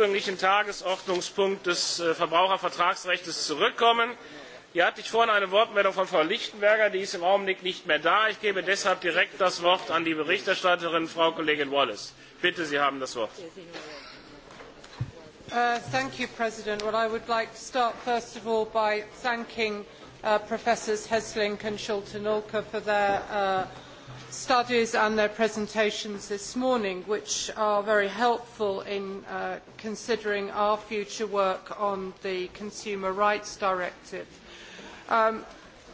ursprünglichen tagesordnungspunkt des äh, verbrauchervertragsrechts zurückkommen. hier hatte ich vorhin eine wortmeldung von frau lichtenberger die ist im augenblick nicht mehr da. ich gebe deshalb direkt das wort an die berichterstatterin frau kollegin wallis. bitte sie haben das wort. Uh, you, well, i would like to start first of all by thanking uh, professors hessling and schulte-nolke for their uh, studies and their presentations this morning, which are very helpful in uh, considering our future work on the Consumer Rights Directive. Um,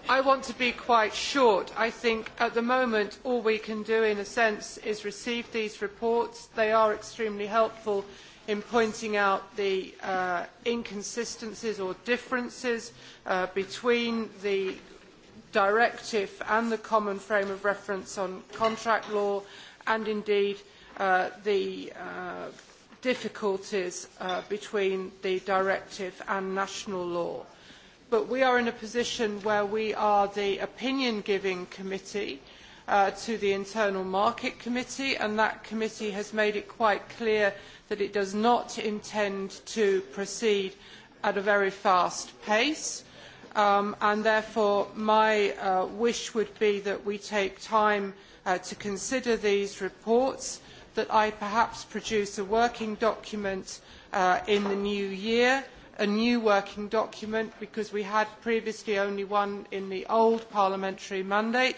I want to be quite short. I think at the moment all we can do in a sense is receive these reports. They are extremely helpful in pointing out the uh, inconsistencies or differences uh, between the directive and the common frame of reference on contract law and indeed uh, the uh, difficulties uh, between the directive and national law. But we are in a position where we are the opinion-giving committee uh, to the Internal Market Committee, and that committee has made it quite clear that it does not intend to proceed at a very fast pace. Um, and therefore my uh, wish would be that we take time uh, to consider these reports, that I perhaps produce a working document uh, in the new year, a new working document because we had previously only one in the old parliamentary mandate,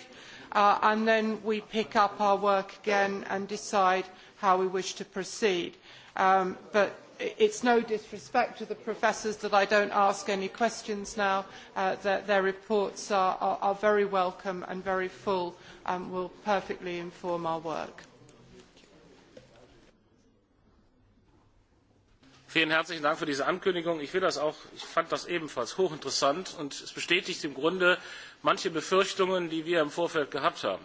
uh, and then we pick up our work again and decide how we wish to proceed. Um, but is no disrespect to the professors that I not ask any questions now. Uh, their, reports are, are very welcome and very full and will perfectly inform our work. Vielen herzlichen Dank für diese Ankündigung. Ich, will das auch, ich fand das ebenfalls hochinteressant und es bestätigt im Grunde manche Befürchtungen, die wir im Vorfeld gehabt haben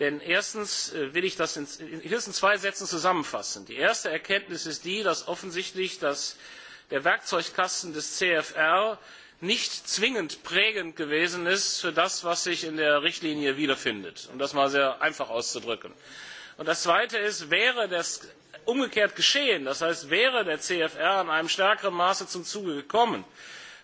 Denn erstens äh, will ich das in höchstens zwei Sätzen zusammenfassen. Die erste Erkenntnis ist die, dass offensichtlich der Werkzeugkasten des CFR nicht zwingend prägend gewesen ist für das, was sich in der Richtlinie wiederfindet, um das einmal sehr einfach auszudrücken. Und das Zweite ist, wäre das umgekehrt geschehen, das heißt, wäre der CFR in einem stärkeren Maße zum Zuge gekommen,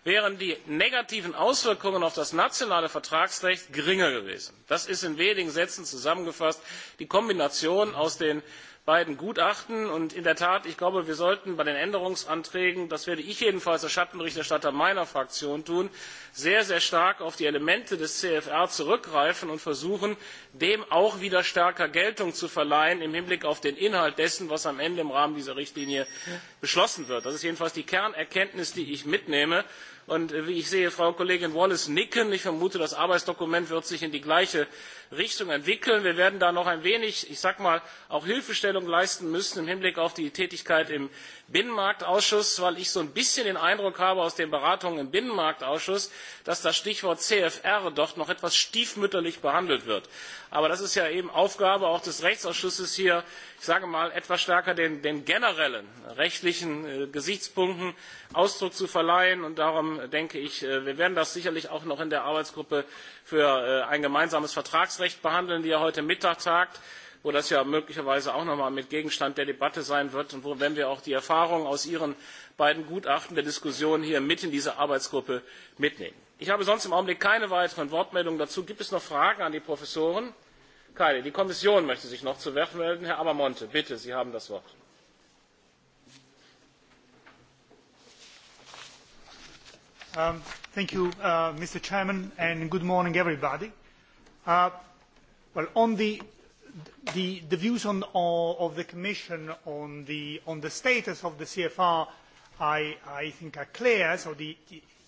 wären die negativen auswirkungen auf das nationale vertragsrecht geringer gewesen. das ist in wenigen sätzen zusammengefasst die kombination aus den beiden gutachten und in der tat ich glaube wir sollten bei den änderungsanträgen das werde ich jedenfalls als schattenberichterstatter meiner fraktion tun sehr sehr stark auf die elemente des cfr zurückgreifen und versuchen dem auch wieder stärker geltung zu verleihen im hinblick auf den inhalt dessen was am ende im rahmen dieser richtlinie beschlossen wird. das ist jedenfalls die kernerkenntnis die ich mitnehme. und äh, wie ich sehe frau kollegin wallis nicken ich vermute das arbeitsdokument wird sich in die gleiche richtung entwickeln. wir werden da noch ein wenig ich sag mal auch hilfestellung leisten müssen im hinblick auf die tätigkeit im binnenmarktausschuss weil ich so ein bisschen den eindruck habe aus den beratungen im binnenmarktausschuss dass das stichwort cfr dort noch etwas stiefmütterlich behandelt wird. aber das ist ja eben aufgabe auch des rechtsausschusses hier ich sage mal etwas stärker den, den generellen rechtlichen äh, gesichtspunkten ausdruck zu verleihen und darum denke ich äh, wir werden das sicherlich auch noch in der arbeitsgruppe für äh, ein gemeinsames vertragsrecht behandeln die ja heute mittag tagt wo das ja möglicherweise auch noch einmal mit gegenstand der debatte sein wird und wo wenn wir auch die erfahrungen aus ihren beiden gutachten der diskussion hier mit in diese arbeitsgruppe mitnehmen. ich habe sonst im augenblick keine weiteren wortmeldungen dazu. gibt es noch fragen an die professoren? keine. die kommission möchte sich noch zu wort melden. herr abamonte bitte sie haben das wort. Um, thank you, uh, Mr. Chairman, and good morning, everybody. Uh, well, on the, the, the views on, of the Commission on the, on the status of the CFR, I, I think are clear. So the,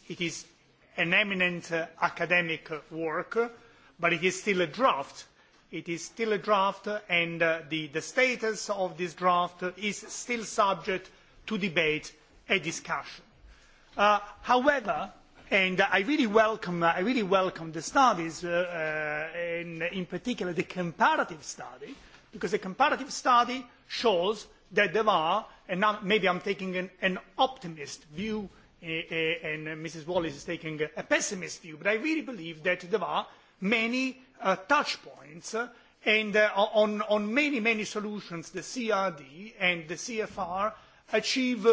it is an eminent uh, academic work, but it is still a draft. It is still a draft, and uh, the, the status of this draft is still subject to debate and discussion. Uh, however, and I really welcome, I really welcome the studies, uh, uh, and in particular the comparative study, because the comparative study shows that there are, and now maybe I'm taking an, an optimist view, uh, and Mrs. Wallace is taking a pessimist view, but I really believe that there are many uh, touch points uh, and uh, on, on many, many solutions, the CRD and the CFR achieve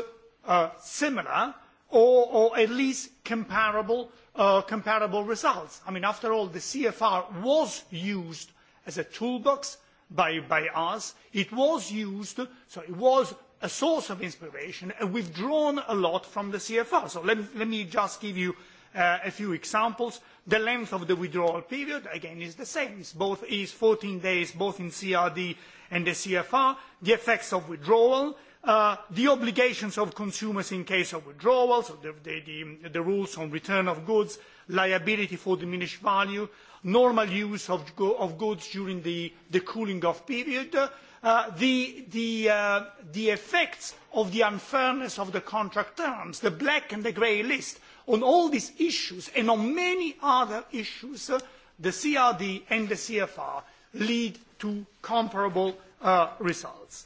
uh, similar or, at least uh, comparable, results. I mean, after all, the CFR was used as a toolbox by, us. It was used, so it was a source of inspiration, and we've drawn a lot from the CFR. So let, me just give you uh, a few examples. The length of the withdrawal period, again, is the same. It's both is 14 days, both in CRD and the CFR. The effects of withdrawal, Uh, the obligations of consumers in case of withdrawals, the, the, the, the, rules on return of goods, liability for diminished value, normal use of, of goods during the, cooling off period, uh, the, uh, the effects of the unfairness of the contract terms, the black and the grey list, on all these issues and on many other issues, uh, the CRD and the CFR lead to comparable uh, results.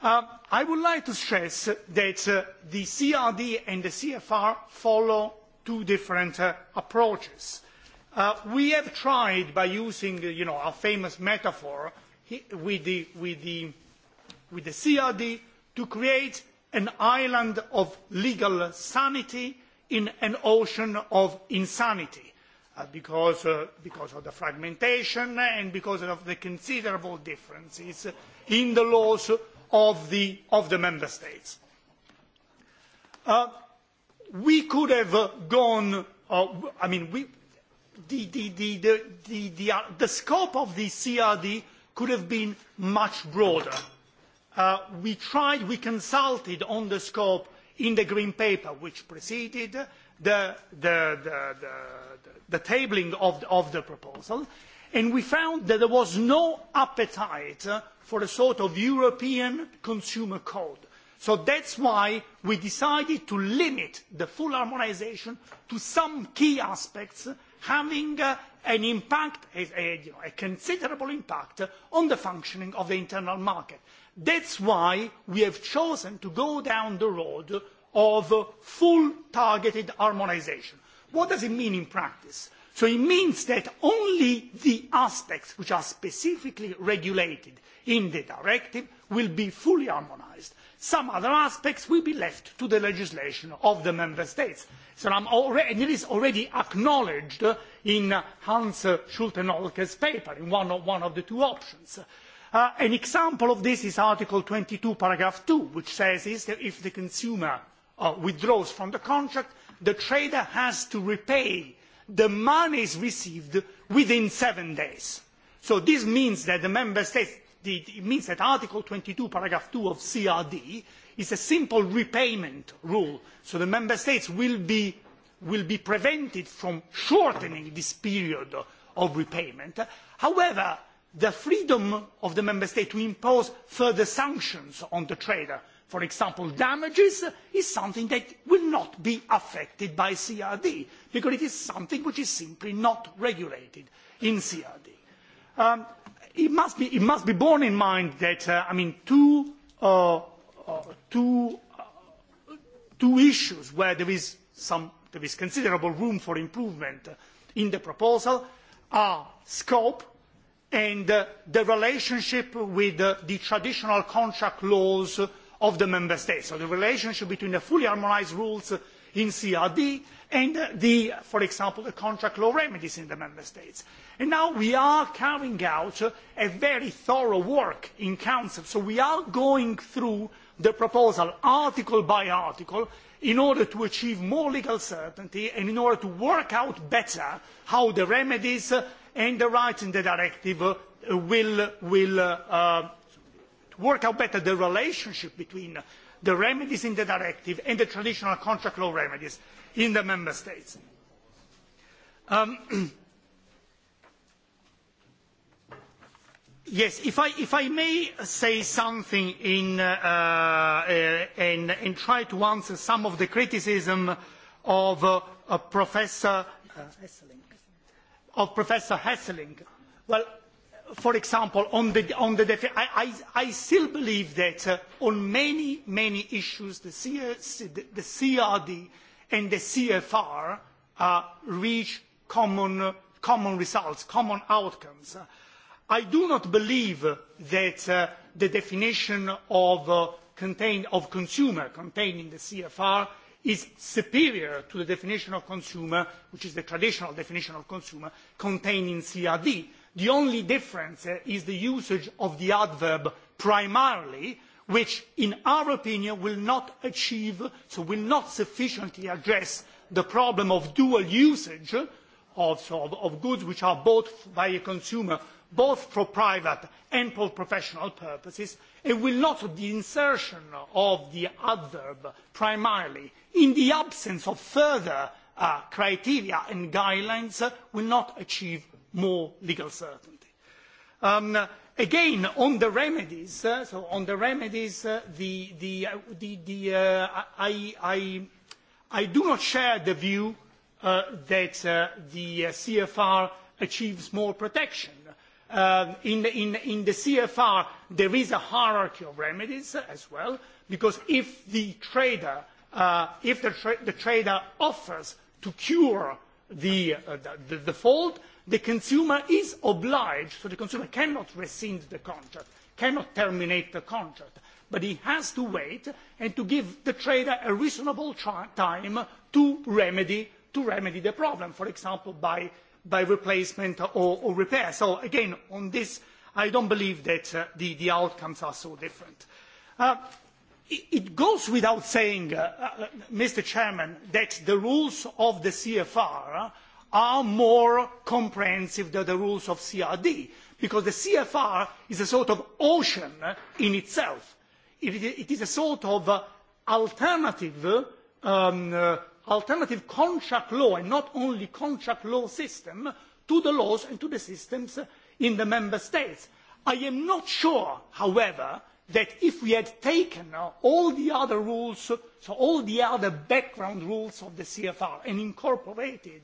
Uh, I would like to stress that uh, the CRD and the CFR follow two different uh, approaches. Uh, we have tried by using, uh, you know, a famous metaphor with the, with, the, with the CRD to create an island of legal sanity in an ocean of insanity. Uh, because, uh, because of the fragmentation and because of the considerable differences in the laws of the, of the member states. Uh, we could have gone, uh, I mean, we, the, the, the, the, the, the, uh, the scope of the CRD could have been much broader. Uh, we tried, we consulted on the scope in the green paper which preceded the, the, the, the, the, the tabling of the, of the proposal and we found that there was no appetite for a sort of European consumer code. So that's why we decided to limit the full harmonisation to some key aspects having uh, an impact, a, a, you know, a considerable impact on the functioning of the internal market. That's why we have chosen to go down the road of full targeted harmonisation. What does it mean in practice? So it means that only the aspects which are specifically regulated in the directive will be fully harmonised. Some other aspects will be left to the legislation of the member states. So I'm already, and it is already acknowledged in Hans Schultenolke's paper, in one of, one of the two options. Uh, an example of this is Article 22, paragraph 2, which says is that if the consumer uh, withdraws from the contract, the trader has to repay the money is received within seven days. So this means that the member states, it means that Article 22, paragraph 2 of CRD is a simple repayment rule. So the member states will be, will be prevented from shortening this period of repayment. However, the freedom of the member state to impose further sanctions on the trader for example, damages is something that will not be affected by CRD because it is something which is simply not regulated in CRD. Um, it, must be, it must be borne in mind that, uh, I mean, two, uh, uh, two, uh, two issues where there is, some, there is considerable room for improvement in the proposal are scope and uh, the relationship with uh, the traditional contract laws of the member states. So the relationship between the fully harmonised rules in CRD and the, for example, the contract law remedies in the member states. And now we are carrying out a very thorough work in council. So we are going through the proposal article by article in order to achieve more legal certainty and in order to work out better how the remedies and the rights in the directive will, will uh, work out better the relationship between the remedies in the directive and the traditional contract law remedies in the member states. Um, yes, if I, if I may say something in, uh, uh, and, and try to answer some of the criticism of uh, Professor uh, of Professor Hesseling. Well, for example, on the, on the I, I, I still believe that uh, on many, many issues, the, CS, the CRD and the CFR uh, reach common, uh, common results, common outcomes. I do not believe that uh, the definition of, uh, contain, of consumer contained in the CFR is superior to the definition of consumer, which is the traditional definition of consumer, contained in CRD The only difference eh, is the usage of the adverb primarily, which in our opinion will not achieve, so will not sufficiently address the problem of dual usage of, so of, of goods which are bought by a consumer both for private and for professional purposes, and will not the insertion of the adverb primarily in the absence of further uh, criteria and guidelines will not achieve more legal certainty. Um, again, on the remedies, uh, so on the remedies, uh, uh, I, do not share the view that the CFR achieves more protection. Um, in, the CFR, there is a hierarchy of remedies as well, because if the trader, offers to cure the, the default, the consumer is obliged, so the consumer cannot rescind the contract, cannot terminate the contract, but he has to wait and to give the trader a reasonable time to remedy, to remedy the problem, for example, by, by replacement or, or repair. So again, on this, I don't believe that uh, the, the outcomes are so different. Uh, it, it goes without saying, uh, uh, Mr. Chairman, that the rules of the CFR are more comprehensive than the rules of CRD, because the CFR is a sort of ocean in itself. It, is a sort of uh, alternative, um, uh, alternative contract law, and not only contract law system, to the laws and to the systems in the member states. I am not sure, however, that if we had taken all the other rules, so all the other background rules of the CFR and incorporated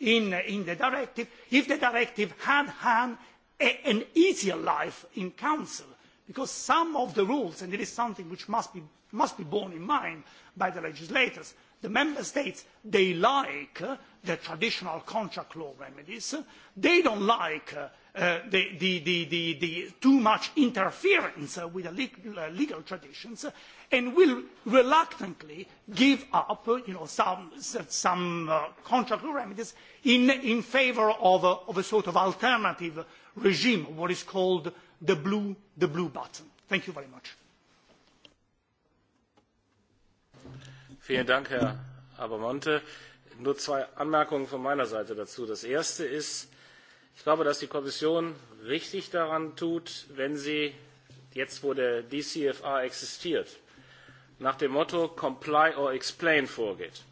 in, in the directive if the directive had had a, an easier life in council because some of the rules and it is something which must be, must be borne in mind by the legislators the member states they like uh, the traditional contract law remedies they don't like uh, Uh, the, the, the, the too much interference with the uh, legal, traditions and will reluctantly give up you know, some, some uh, contract remedies in, in favour of, of a sort of alternative regime, what is called the blue, the blue button. Thank you very much. Vielen Dank, Herr Abermonte. Nur zwei Anmerkungen von meiner Seite dazu. Das erste ist, Ich glaube, dass die Kommission richtig daran tut, wenn sie jetzt, wo der DCFR existiert, nach dem Motto Comply or Explain vorgeht.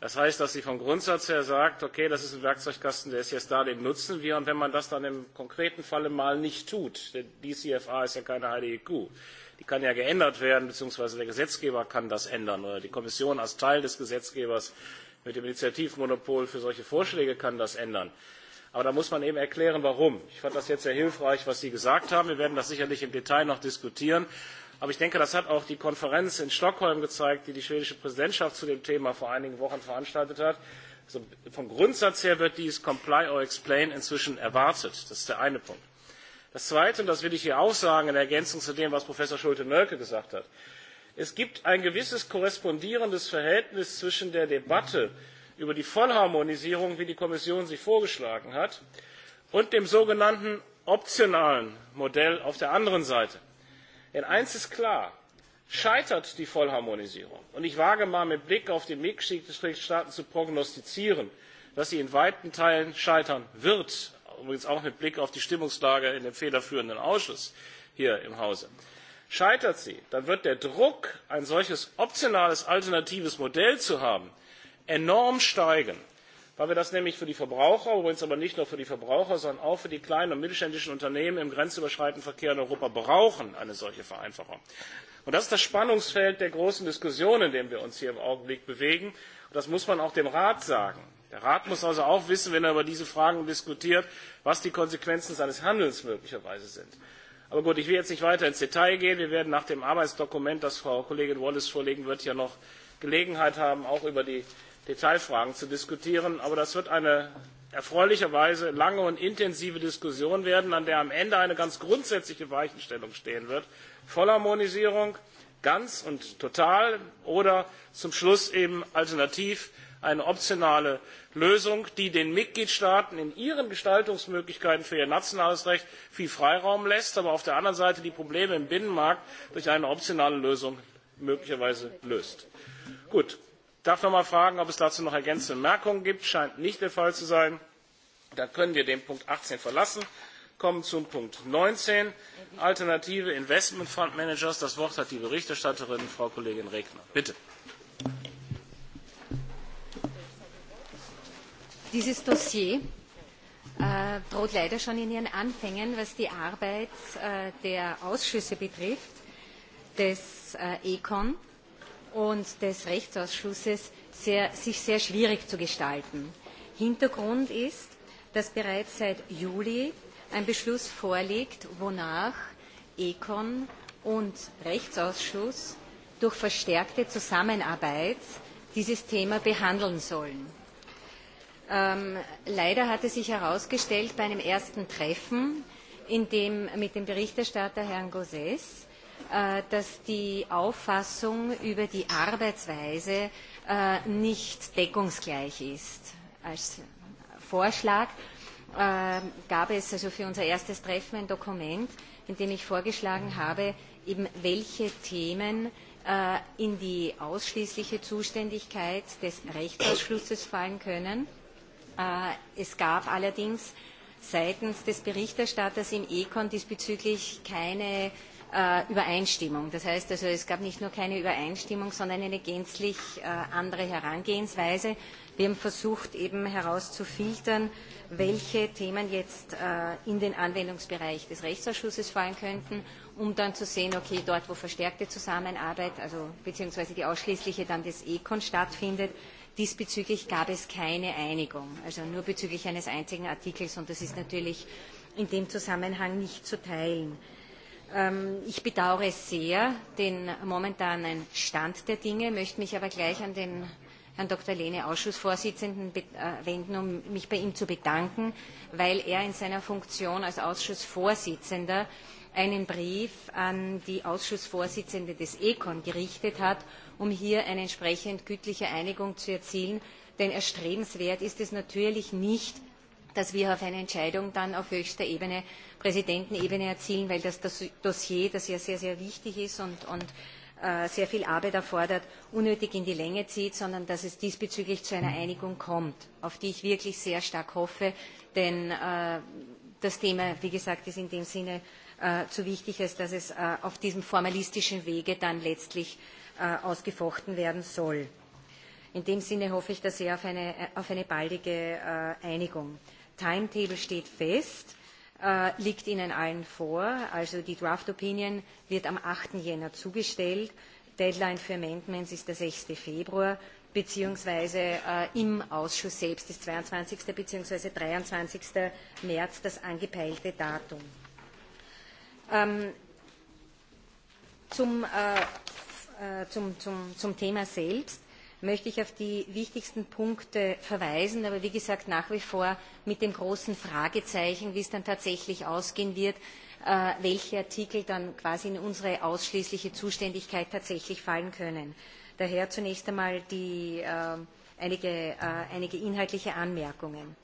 Das heißt, dass sie vom Grundsatz her sagt, okay, das ist ein Werkzeugkasten, der ist jetzt da, den nutzen wir. Und wenn man das dann im konkreten Falle mal nicht tut, denn DCFA ist ja keine heilige Kuh, die kann ja geändert werden, beziehungsweise der Gesetzgeber kann das ändern oder die Kommission als Teil des Gesetzgebers mit dem Initiativmonopol für solche Vorschläge kann das ändern. Aber da muss man eben erklären, warum. Ich fand das jetzt sehr hilfreich, was Sie gesagt haben. Wir werden das sicherlich im Detail noch diskutieren. Aber ich denke, das hat auch die Konferenz in Stockholm gezeigt, die die schwedische Präsidentschaft zu dem Thema vor einigen Wochen veranstaltet hat. Also vom Grundsatz her wird dies Comply or Explain inzwischen erwartet. Das ist der eine Punkt. Das Zweite, und das will ich hier auch sagen in Ergänzung zu dem, was Professor Schulte-Nölke gesagt hat. Es gibt ein gewisses korrespondierendes Verhältnis zwischen der Debatte über die vollharmonisierung wie die kommission sie vorgeschlagen hat und dem sogenannten optionalen modell auf der anderen seite. denn eines ist klar scheitert die vollharmonisierung und ich wage mal mit blick auf die mitgliedstaaten zu prognostizieren dass sie in weiten teilen scheitern wird übrigens auch mit blick auf die stimmungslage in dem federführenden ausschuss hier im hause scheitert sie dann wird der druck ein solches optionales alternatives modell zu haben enorm steigen weil wir das nämlich für die verbraucher übrigens aber nicht nur für die verbraucher sondern auch für die kleinen und mittelständischen unternehmen im grenzüberschreitenden verkehr in europa brauchen eine solche vereinfachung. das ist das spannungsfeld der großen diskussion in dem wir uns hier im augenblick bewegen und das muss man auch dem rat sagen. der rat muss also auch wissen wenn er über diese fragen diskutiert was die konsequenzen seines handelns möglicherweise sind. aber gut ich will jetzt nicht weiter ins detail gehen. wir werden nach dem arbeitsdokument das frau kollegin wallis vorlegen wird ja noch gelegenheit haben auch über die Detailfragen zu diskutieren. Aber das wird eine erfreulicherweise lange und intensive Diskussion werden, an der am Ende eine ganz grundsätzliche Weichenstellung stehen wird. Vollharmonisierung, ganz und total oder zum Schluss eben alternativ eine optionale Lösung, die den Mitgliedstaaten in ihren Gestaltungsmöglichkeiten für ihr nationales Recht viel Freiraum lässt, aber auf der anderen Seite die Probleme im Binnenmarkt durch eine optionale Lösung möglicherweise löst. Gut, darf noch einmal fragen, ob es dazu noch ergänzende bemerkungen gibt. Scheint nicht der Fall zu sein. Dann können wir den Punkt achtzehn verlassen. Kommen zum Punkt neunzehn Alternative Investmentfondsmanagers. Das Wort hat die Berichterstatterin, Frau Kollegin Regner. Bitte. Dieses Dossier äh, droht leider schon in ihren Anfängen, was die Arbeit äh, der Ausschüsse betrifft, des äh, ECON und des Rechtsausschusses sehr, sich sehr schwierig zu gestalten. Hintergrund ist, dass bereits seit Juli ein Beschluss vorliegt, wonach Econ und Rechtsausschuss durch verstärkte Zusammenarbeit dieses Thema behandeln sollen. Ähm, leider hatte sich herausgestellt bei einem ersten Treffen in dem, mit dem Berichterstatter Herrn Gauzès, Äh, dass die Auffassung über die Arbeitsweise äh, nicht deckungsgleich ist. Als Vorschlag äh, gab es also für unser erstes Treffen ein Dokument, in dem ich vorgeschlagen habe, eben welche Themen in die ausschließliche Zuständigkeit des Rechtsausschusses fallen können. Es gab allerdings seitens des Berichterstatters im Econ diesbezüglich keine äh, Übereinstimmung. Das heißt also, es gab nicht nur keine Übereinstimmung, sondern eine gänzlich äh, andere Herangehensweise. Wir haben versucht, eben herauszufiltern, welche Themen jetzt äh, in den Anwendungsbereich des Rechtsausschusses fallen könnten, um dann zu sehen, okay, dort, wo verstärkte Zusammenarbeit, also beziehungsweise die ausschließliche dann des ECON stattfindet, diesbezüglich gab es keine Einigung, also nur bezüglich eines einzigen Artikels und das ist natürlich in dem Zusammenhang nicht zu teilen. Ähm, ich bedauere sehr den momentanen Stand der Dinge, möchte mich aber gleich an den Herrn Dr. Lehne, Ausschussvorsitzenden, äh, wenden, um mich bei ihm zu bedanken, weil er in seiner Funktion als Ausschussvorsitzender einen Brief an die Ausschussvorsitzende des ECON gerichtet hat, um hier eine entsprechend gütliche Einigung zu erzielen. Denn erstrebenswert ist es natürlich nicht, dass wir auf eine Entscheidung dann auf höchster Ebene präsidentenebene erzielen weil das dossier das ja sehr sehr wichtig ist und, äh, sehr viel arbeit erfordert unnötig in die länge zieht sondern dass es diesbezüglich zu einer einigung kommt auf die ich wirklich sehr stark hoffe denn äh, das thema wie gesagt ist in dem sinne äh, zu wichtig als dass es auf diesem formalistischen wege dann letztlich ausgefochten werden soll. in dem sinne hoffe ich da sehr auf eine, auf eine baldige einigung. timetable steht fest Äh, liegt Ihnen allen vor. Also die Draft Opinion wird am 8. Jänner zugestellt. Deadline für Amendments ist der 6. Februar beziehungsweise äh, im Ausschuss selbst ist 22. beziehungsweise 23. März das angepeilte Datum. Ähm, zum, äh, äh, zum, zum, zum Thema selbst möchte ich auf die wichtigsten punkte verweisen aber wie gesagt nach wie vor mit dem großen fragezeichen wie es dann tatsächlich ausgehen wird äh, welche artikel dann quasi in unsere ausschließliche zuständigkeit tatsächlich fallen können. daher zunächst einmal äh, äh, einige inhaltliche anmerkungen.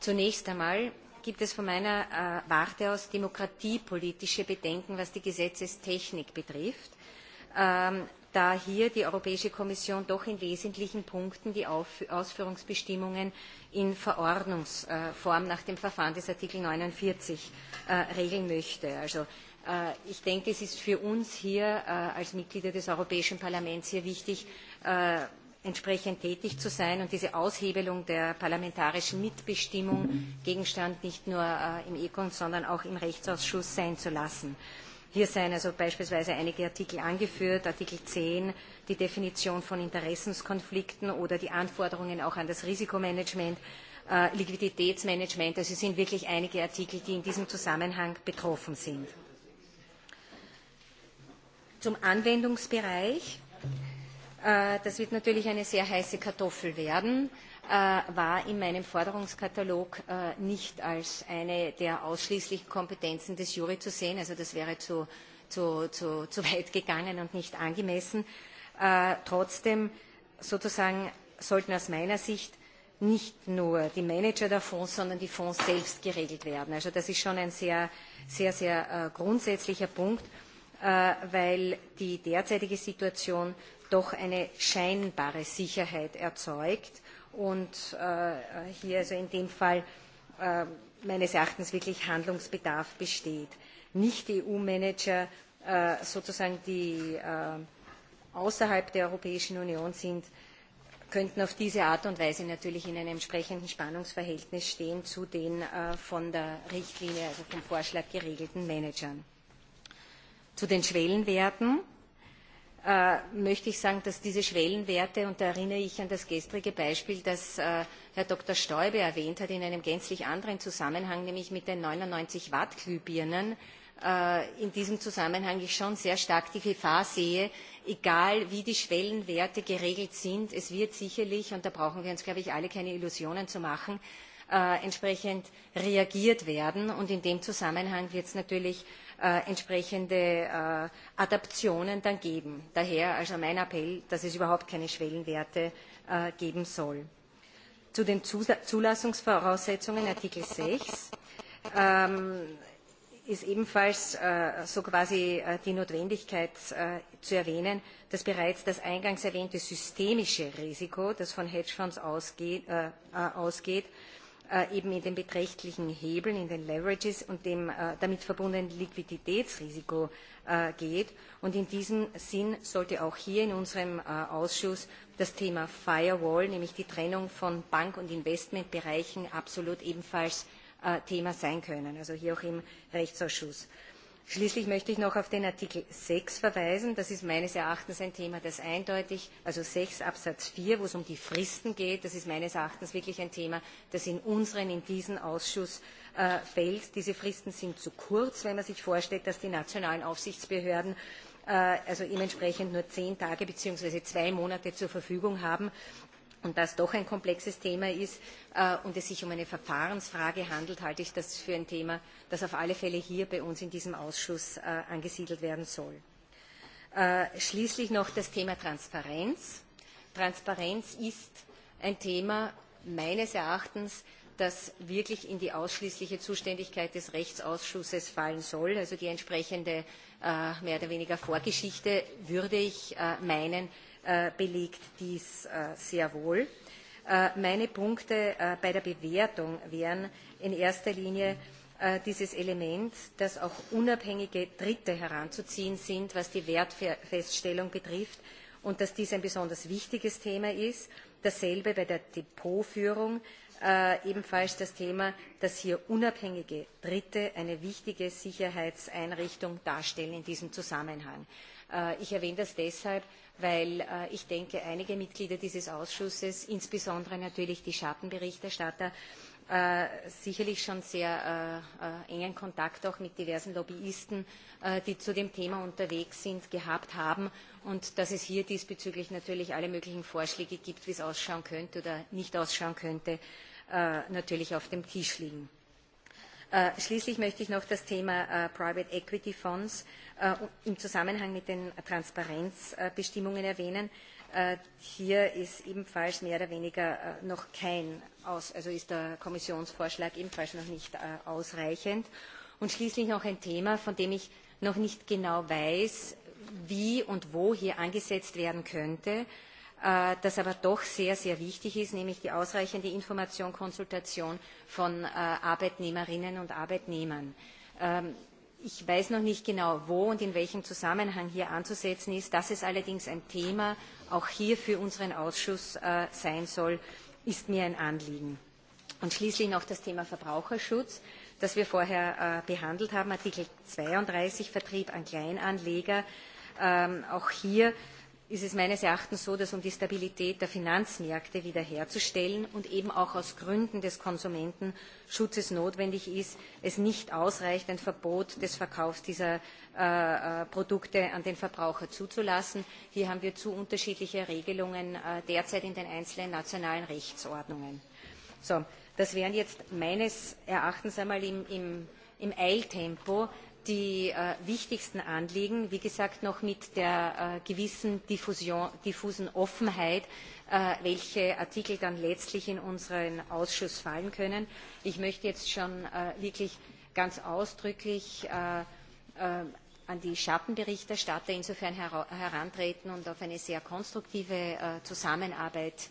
zunächst einmal gibt es von meiner warte aus demokratiepolitische bedenken was die gesetzestechnik betrifft ähm, da hier die Europäische Kommission doch in wesentlichen Punkten die Ausführungsbestimmungen in Verordnungsform nach dem Verfahren des Artikel neunundvierzig äh, regeln möchte. Also äh, ich denke, es ist für uns hier äh, als Mitglieder des Europäischen Parlaments sehr wichtig, entsprechend tätig zu sein und diese Aushebelung der parlamentarischen Mitbestimmung Gegenstand nicht nur im Econ, sondern auch im Rechtsausschuss sein zu lassen. Hier seien also beispielsweise einige Artikel angeführt, Artikel 10, die Definition von Interessenskonflikten oder die Anforderungen auch an das Risikomanagement, äh, Liquiditätsmanagement. Also es sind wirklich einige Artikel, die in diesem Zusammenhang betroffen sind. Zum Anwendungsbereich. Äh, das wird natürlich eine sehr heiße Kartoffel werden. Äh, war in meinem Forderungskatalog äh, nicht als eine der ausschließlichen Kompetenzen des Jury zu sehen. Also das wäre zu, zu, zu, zu weit gegangen und nicht angemessen. Äh, trotzdem sozusagen sollten aus meiner Sicht nicht nur die Manager der Fonds, sondern die Fonds selbst geregelt werden. Also das ist schon ein sehr, sehr, sehr grundsätzlicher Punkt, weil die derzeitige Situation doch eine scheinbare Sicherheit erzeugt und äh, hier also in dem Fall äh, meines Erachtens wirklich Handlungsbedarf besteht. Nicht-EU-Manager äh, sozusagen, die außerhalb der Europäischen Union sind, könnten auf diese Art und Weise natürlich in einem entsprechenden Spannungsverhältnis stehen zu den äh, von der Richtlinie, also vom Vorschlag geregelten Managern. Zu den Schwellenwerten. Äh, möchte ich sagen, dass diese Schwellenwerte, und da erinnere ich an das gestrige Beispiel, das äh, Herr Dr. Stoibe erwähnt hat, in einem gänzlich anderen Zusammenhang, nämlich mit den neunundneunzig Watt Glühbirnen, äh, in diesem Zusammenhang ich schon sehr stark die Gefahr sehe, egal wie die Schwellenwerte geregelt sind, es wird sicherlich, und da brauchen wir uns, glaube ich, alle keine Illusionen zu machen, entsprechend reagiert werden. Und in dem Zusammenhang wird es natürlich Äh, entsprechende äh, Adaptionen dann geben. Daher also mein Appell, dass es überhaupt keine Schwellenwerte äh, geben soll. Zu den Zulassungsvoraussetzungen Artikel sechs ähm, ist ebenfalls so quasi die Notwendigkeit zu erwähnen, dass bereits das eingangs erwähnte systemische Risiko, das von Hedgefonds ausgeht, Äh, eben in den beträchtlichen Hebeln, in den Leverages und dem äh, damit verbundenen Liquiditätsrisiko äh, geht. Und in diesem Sinn sollte auch hier in unserem Ausschuss das Thema Firewall, nämlich die Trennung von Bank- und Investmentbereichen, absolut ebenfalls Thema sein können, also hier auch im Rechtsausschuss schließlich möchte ich noch auf den artikel sechs verweisen das ist meines erachtens ein thema das eindeutig also sechs absatz vier wo es um die fristen geht das ist meines erachtens wirklich ein thema das in unseren in diesen ausschuss äh, fällt. diese fristen sind zu kurz wenn man sich vorstellt dass die nationalen aufsichtsbehörden äh, also dementsprechend nur zehn tage beziehungsweise zwei monate zur verfügung haben und das doch ein komplexes Thema ist äh, und es sich um eine Verfahrensfrage handelt, halte ich das für ein Thema, das auf alle Fälle hier bei uns in diesem Ausschuss äh, angesiedelt werden soll. Äh, schließlich noch das Thema Transparenz. Transparenz ist ein Thema meines Erachtens, das wirklich in die ausschließliche Zuständigkeit des Rechtsausschusses fallen soll. Also die entsprechende äh, mehr oder weniger Vorgeschichte, würde ich äh, meinen, Äh, belegt dies äh, sehr wohl. Äh, meine Punkte bei der Bewertung wären in erster Linie dieses Element, dass auch unabhängige Dritte heranzuziehen sind, was die Wertfeststellung betrifft und dass dies ein besonders wichtiges Thema ist. Dasselbe bei der Depotführung, ebenfalls das Thema, dass hier unabhängige Dritte eine wichtige Sicherheitseinrichtung darstellen in diesem Zusammenhang. ich erwähne das deshalb, weil äh, ich denke, einige Mitglieder dieses Ausschusses, insbesondere natürlich die Schattenberichterstatter, äh, sicherlich schon sehr äh, äh engen Kontakt auch mit diversen Lobbyisten, äh, die zu dem Thema unterwegs sind, gehabt haben und dass es hier diesbezüglich natürlich alle möglichen Vorschläge gibt, wie es ausschauen könnte oder nicht ausschauen könnte, äh, natürlich auf dem Tisch liegen. Äh, schließlich möchte ich noch das Thema äh, Private Equity Fonds äh, um, im Zusammenhang mit den Transparenzbestimmungen erwähnen. Hier ist ebenfalls mehr oder weniger noch kein, also ist der Kommissionsvorschlag ebenfalls noch nicht ausreichend. Und schließlich noch ein Thema, von dem ich noch nicht genau weiß, wie und wo hier angesetzt werden könnte Äh, das aber doch sehr, sehr wichtig ist, nämlich die ausreichende Information, und Konsultation von äh, Arbeitnehmerinnen und Arbeitnehmern. Ähm, ich weiß noch nicht genau, wo und in welchem Zusammenhang hier anzusetzen ist. Dass es allerdings ein Thema auch hier für unseren Ausschuss äh, sein soll, ist mir ein Anliegen. Und schließlich noch das Thema Verbraucherschutz, das wir vorher behandelt haben, Artikel zweiunddreißig Vertrieb an Kleinanleger. Ähm, auch hier ist es meines Erachtens so, dass um die Stabilität der Finanzmärkte wiederherzustellen und eben auch aus Gründen des Konsumentenschutzes notwendig ist, es nicht ausreicht, ein Verbot des Verkaufs dieser äh, äh Produkte an den Verbraucher zuzulassen. Hier haben wir zu unterschiedliche Regelungen äh, derzeit in den einzelnen nationalen Rechtsordnungen. So, das wären jetzt meines Erachtens einmal im, im, im Eiltempo die äh, wichtigsten Anliegen, wie gesagt, noch mit der äh, gewissen diffusen Offenheit, äh, welche Artikel dann letztlich in unseren Ausschuss fallen können. Ich möchte jetzt schon wirklich ganz ausdrücklich an die Schattenberichterstatter insofern herantreten und auf eine sehr konstruktive Zusammenarbeit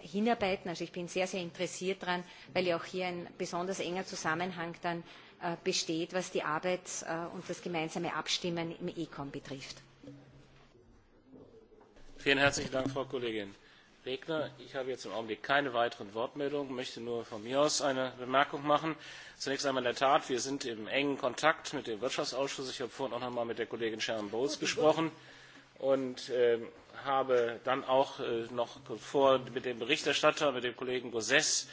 hinarbeiten. ich bin sehr interessiert daran, weil ja auch hier ein besonders enger Zusammenhang dann Äh, besteht, was die Arbeit äh, und das gemeinsame Abstimmen im ECOM betrifft. Vielen herzlichen Dank, Frau Kollegin Regner. Ich habe jetzt im Augenblick keine weiteren Wortmeldungen, möchte nur von mir aus eine Bemerkung machen. Zunächst einmal in der Tat, wir sind im engen Kontakt mit dem Wirtschaftsausschuss. Ich habe vorhin auch noch einmal mit der Kollegin Sharon Bowles gesprochen. Und äh, habe dann auch äh, noch vor, mit dem Berichterstatter, mit dem Kollegen Gosses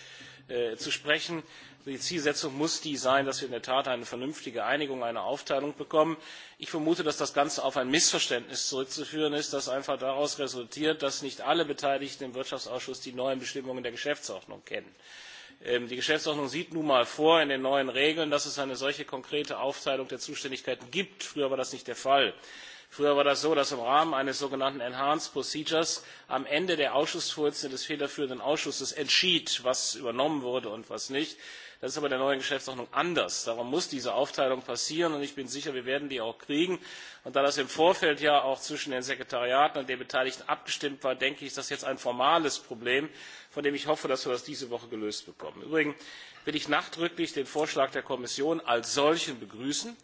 äh, zu sprechen. Die Zielsetzung muss die sein, dass wir in der Tat eine vernünftige Einigung, eine Aufteilung bekommen. Ich vermute, dass das Ganze auf ein Missverständnis zurückzuführen ist, das einfach daraus resultiert, dass nicht alle Beteiligten im Wirtschaftsausschuss die neuen Bestimmungen der Geschäftsordnung kennen. Ähm, die Geschäftsordnung sieht nun mal vor in den neuen Regeln, dass es eine solche konkrete Aufteilung der Zuständigkeiten gibt. Früher war das nicht der Fall Früher war das so, dass im Rahmen eines sogenannten Enhanced Procedures am Ende der Ausschussvorsitzende des federführenden Ausschusses entschied, was übernommen wurde und was nicht. Das ist aber in der neuen Geschäftsordnung anders. Darum muss diese Aufteilung passieren und ich bin sicher, wir werden die auch kriegen. Und da das im Vorfeld ja auch zwischen den Sekretariaten und den Beteiligten abgestimmt war, denke ich, ist das jetzt ein formales Problem, von dem ich hoffe, dass wir das diese Woche gelöst bekommen. Im Übrigen will ich nachdrücklich den Vorschlag der Kommission als solchen begrüßen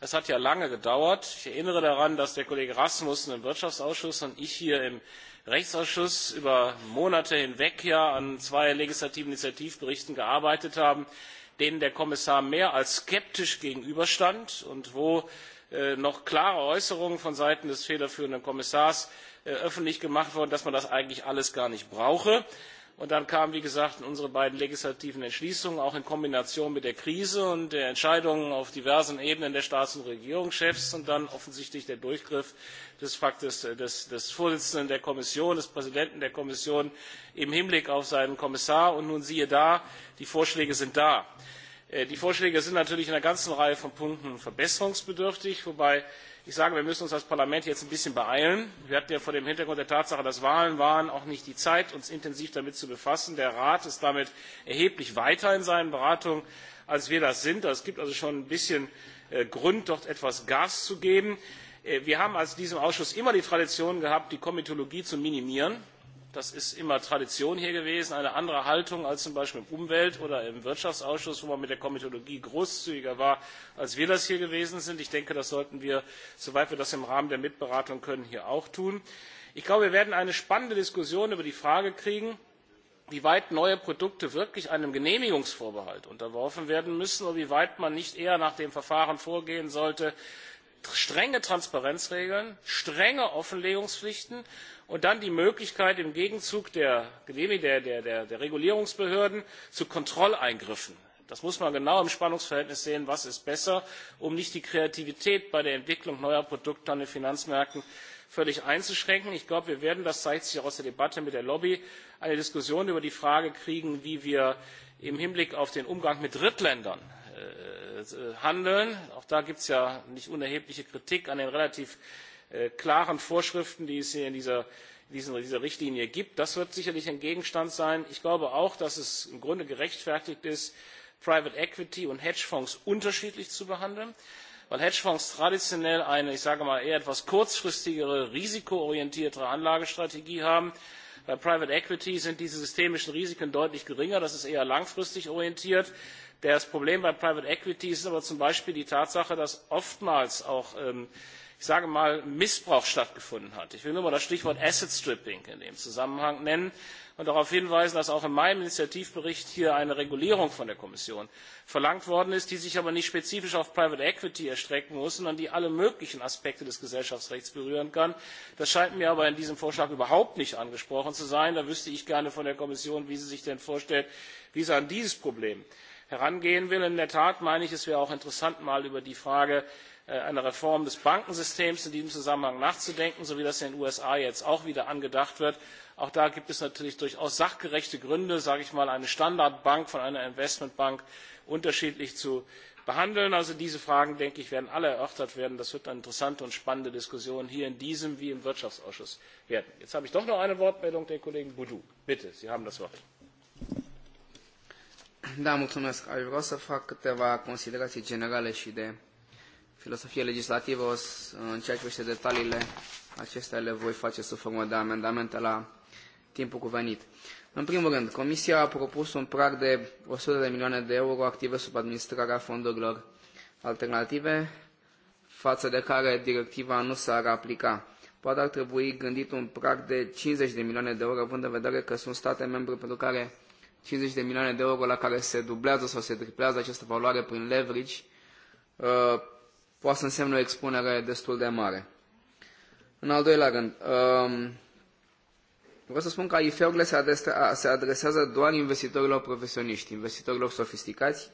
es hat ja lange gedauert. ich erinnere daran dass der kollege rasmussen im wirtschaftsausschuss und ich hier im rechtsausschuss über monate hinweg ja an zwei legislativen initiativberichten gearbeitet haben denen der kommissar mehr als skeptisch gegenüberstand und wo äh, noch klare äußerungen von seiten des federführenden kommissars äh, öffentlich gemacht wurden dass man das eigentlich alles gar nicht brauche und dann kamen wie gesagt unsere beiden legislativen entschließungen auch in kombination mit der krise und den entscheidungen auf diversen ebenen der staats und regierungschefs und dann offensichtlich der durchgriff des faktes äh, des, vorsitzenden der kommission des präsidenten der kommission im hinblick auf seinen kommissar und nun siehe da die vorschläge sind da. Äh, die vorschläge sind natürlich in einer ganzen reihe von punkten verbesserungsbedürftig wobei Ich sage, wir müssen uns als Parlament jetzt ein bisschen beeilen. Wir hatten ja vor dem Hintergrund der Tatsache, dass Wahlen waren, auch nicht die Zeit, uns intensiv damit zu befassen. Der Rat ist damit erheblich weiter in seinen Beratungen, als wir das sind. Es gibt also schon ein bisschen äh, Grund, dort etwas Gas zu geben. Äh, wir haben als diesem Ausschuss immer die Tradition gehabt, die Komitologie zu minimieren das ist immer Tradition hier gewesen, eine andere Haltung als zum Beispiel im Umwelt- oder im Wirtschaftsausschuss, wo man mit der Komitologie großzügiger war, als wir das hier gewesen sind. Ich denke, das sollten wir, soweit wir das im Rahmen der Mitberatung können, hier auch tun. Ich glaube, wir werden eine spannende Diskussion über die Frage kriegen, wie weit neue Produkte wirklich einem Genehmigungsvorbehalt unterworfen werden müssen und wie weit man nicht eher nach dem Verfahren vorgehen sollte, strenge Transparenzregeln, strenge Offenlegungspflichten und dann die möglichkeit im gegenzug der regulierungsbehörden zu kontrolleingriffen. das muss man genau im spannungsverhältnis sehen was ist besser um nicht die kreativität bei der entwicklung neuer produkte an den finanzmärkten völlig einzuschränken. ich glaube wir werden das zeigt sich auch aus der debatte mit der lobby eine diskussion über die frage kriegen wie wir im hinblick auf den umgang mit drittländern äh, handeln. auch da gibt es ja nicht unerhebliche kritik an den relativ Äh, klaren vorschriften die es in dieser, richtlinie gibt. das wird sicherlich ein gegenstand sein. ich glaube auch dass es im grunde gerechtfertigt ist private equity und hedgefonds unterschiedlich zu behandeln weil hedgefonds traditionell eine ich sage mal eher etwas kurzfristigere risikoorientiertere anlagestrategie haben. bei private equity sind diese systemischen risiken deutlich geringer das ist eher langfristig orientiert. das problem bei private equity ist aber zum beispiel die tatsache dass oftmals auch ähm, ich sage mal, Missbrauch stattgefunden hat. Ich will nur mal das Stichwort Asset Stripping in dem Zusammenhang nennen und darauf hinweisen, dass auch in meinem Initiativbericht hier eine Regulierung von der Kommission verlangt worden ist, die sich aber nicht spezifisch auf Private Equity erstrecken muss, sondern die alle möglichen Aspekte des Gesellschaftsrechts berühren kann. Das scheint mir aber in diesem Vorschlag überhaupt nicht angesprochen zu sein. Da wüsste ich gerne von der Kommission, wie sie sich denn vorstellt, wie sie an dieses Problem herangehen will. In der Tat meine ich, es wäre auch interessant, mal über die Frage Äh, eine reform des bankensystems in diesem zusammenhang nachzudenken so wie das in den usa jetzt auch wieder angedacht wird. auch da gibt es natürlich durchaus sachgerechte gründe eine standardbank von einer investmentbank unterschiedlich zu behandeln. also diese fragen werden alle erörtert werden. das wird eine interessante und spannende diskussion hier in diesem wie im wirtschaftsausschuss werden. jetzt habe ich doch noch eine wortmeldung der kollegin boudoux. bitte sie haben das wort filosofie legislativă, o să, în ceea ce privește detaliile, acestea le voi face sub formă de amendamente la timpul cuvenit. În primul rând, Comisia a propus un prag de 100 de milioane de euro active sub administrarea fondurilor alternative, față de care directiva nu s-ar aplica. Poate ar trebui gândit un prag de 50 de milioane de euro, având în vedere că sunt state membre pentru care 50 de milioane de euro la care se dublează sau se triplează această valoare prin leverage uh, poate să însemne o expunere destul de mare. În al doilea rând, um, vreau să spun că IFE-urile se adresează doar investitorilor profesioniști, investitorilor sofisticați,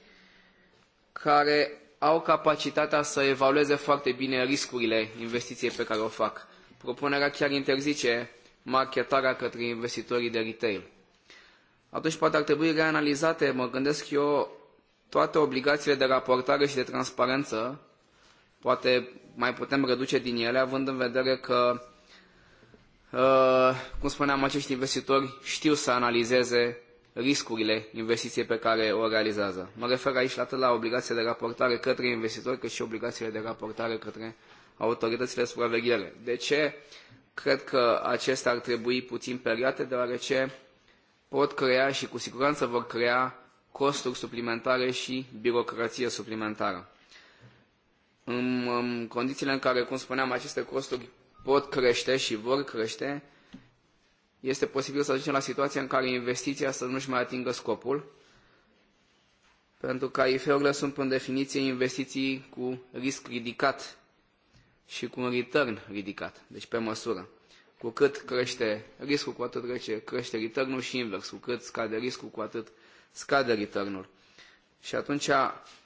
care au capacitatea să evalueze foarte bine riscurile investiției pe care o fac. Propunerea chiar interzice marketarea către investitorii de retail. Atunci poate ar trebui reanalizate, mă gândesc eu, toate obligațiile de raportare și de transparență poate mai putem reduce din ele, având în vedere că, uh, cum spuneam, acești investitori știu să analizeze riscurile investiției pe care o realizează. Mă refer aici atât la obligațiile de raportare către investitori, cât și obligațiile de raportare către autoritățile supraveghere. De ce cred că acestea ar trebui puțin periate? Deoarece pot crea și cu siguranță vor crea costuri suplimentare și birocrație suplimentară în, în um, condițiile în care, cum spuneam, aceste costuri pot crește și vor crește, este posibil să ajungem la situația în care investiția să nu-și mai atingă scopul, pentru că IFE-urile sunt, în definiție, investiții cu risc ridicat și cu un return ridicat, deci pe măsură. Cu cât crește riscul, cu atât crește, crește return și invers. Cu cât scade riscul, cu atât scade return-ul și atunci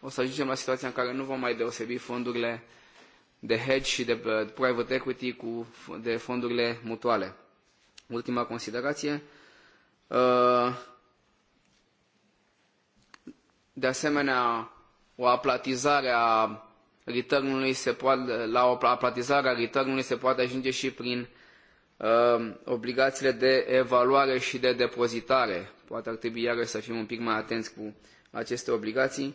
o să ajungem la situația în care nu vom mai deosebi fondurile de hedge și de uh, private equity cu, de fondurile mutuale. Ultima considerație. Uh, de asemenea, o aplatizare a returnului se poate, la o aplatizare a returnului se poate ajunge și prin uh, obligațiile de evaluare și de depozitare. Poate ar trebui iarăși să fim un pic mai atenți cu uh, aceste obligații,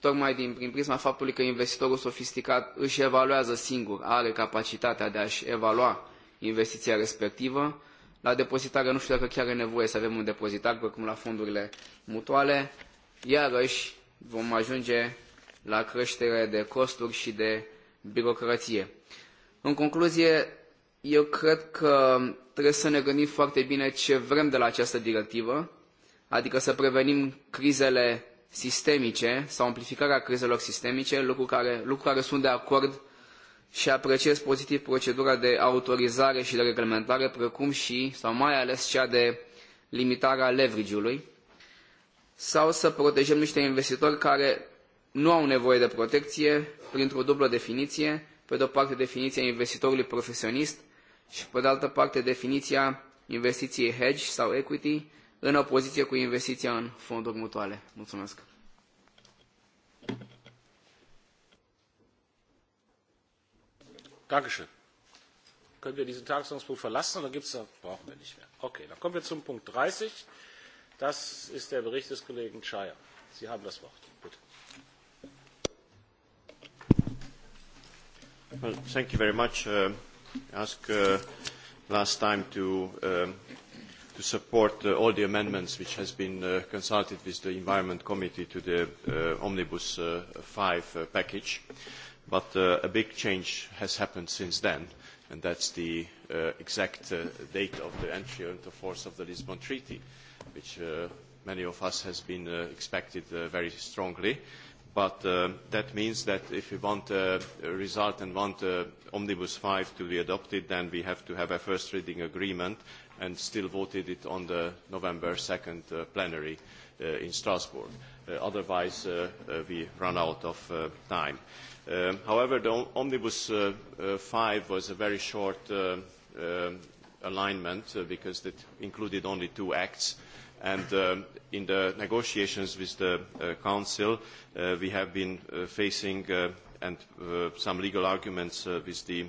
tocmai din, prin prisma faptului că investitorul sofisticat își evaluează singur, are capacitatea de a-și evalua investiția respectivă. La depozitare nu știu dacă chiar e nevoie să avem un depozitar, precum la fondurile mutuale. Iarăși vom ajunge la creștere de costuri și de birocrație. În concluzie, eu cred că trebuie să ne gândim foarte bine ce vrem de la această directivă, adică să prevenim crizele sistemice sau amplificarea crizelor sistemice, lucru care, lucru care sunt de acord și apreciez pozitiv procedura de autorizare și de reglementare, precum și, sau mai ales, cea de limitare a leverage-ului, sau să protejăm niște investitori care nu au nevoie de protecție printr-o dublă definiție, pe de o parte definiția investitorului profesionist și pe de altă parte definiția investiției hedge sau equity, în opoziție cu investiția în fonduri mutuale. Mulțumesc! Dankeschön. Können wir diesen Tagesordnungspunkt verlassen oder gibt's da, brauchen wir nicht mehr. Okay, dann kommen wir zum Punkt 30. Das ist der Bericht des Kollegen Scheier. Sie haben das Wort. Bitte. Well, thank you very much. Uh, ask uh, last time to uh, to support uh, all the amendments which has been uh, consulted with the Environment Committee to the uh, Omnibus uh, 5 uh, package. But uh, a big change has happened since then, and that's the uh, exact uh, date of the entry into force of the Lisbon Treaty, which uh, many of us has been uh, expected uh, very strongly. But uh, that means that if we want a result and want uh, Omnibus 5 to be adopted, then we have to have a first reading agreement and still voted it on the November 2nd uh, plenary uh, in Strasbourg. Uh, otherwise, uh, uh, we run out of uh, time. Uh, however, the Omnibus uh, uh, 5 was a very short uh, uh, alignment uh, because it included only two acts. And uh, in the negotiations with the uh, Council, uh, we have been uh, facing uh, and uh, some legal arguments uh, with the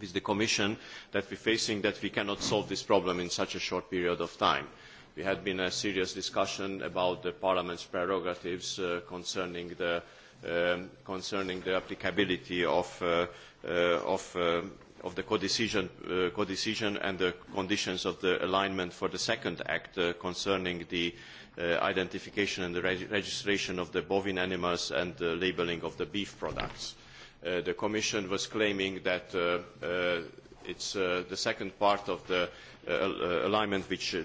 with the Commission that we're facing that we cannot solve this problem in such a short period of time. We had been a serious discussion about the Parliament's prerogatives uh, concerning, the, um, concerning the applicability of, uh, uh, of, uh, of the codecision, uh, codecision and the conditions of the alignment for the second act uh, concerning the uh, identification and the reg registration of the bovine animals and the labelling of the beef products Uh, the Commission was claiming that uh, uh, it's uh, the second part of the uh, uh alignment which uh,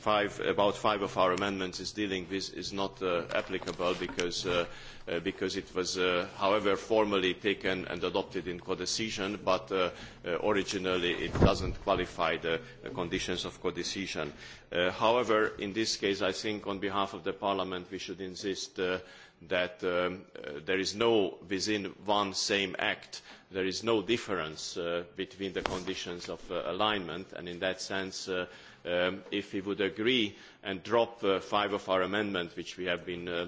five, about five of our amendments is dealing with is not uh, applicable because, uh, uh, because it was, uh, however, formally taken and adopted in codecision, but uh, uh, originally it doesn't qualify the, the conditions of codecision. Uh, however, in this case, I think on behalf of the Parliament, we should insist uh, that um, uh, there is no, within one same act, there is no difference uh, between the conditions of uh, alignment, and in that sense, uh, um, if he would agree and drop uh, five of our amendments, which we have been uh,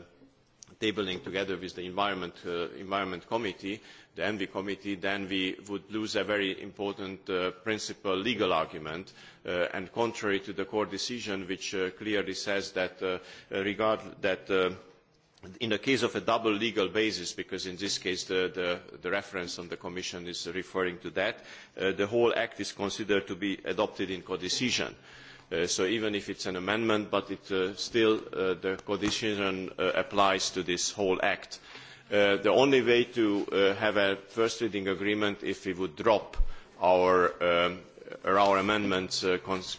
tabling together with the Environment, uh, Environment Committee, the Envy Committee, then we would lose a very important uh, principal legal argument uh, and contrary to the court decision which uh, clearly says that, uh, regard that uh, in the case of a double legal basis, because in this case the, the, the reference on the Commission is referring to that, uh, the whole act is considered to be adopted in codecision. decision Uh, so even if it is an amendment, uh, still uh, the codecision applies to this whole act. the only way to have a first reading agreement is if we would drop our, um, amendments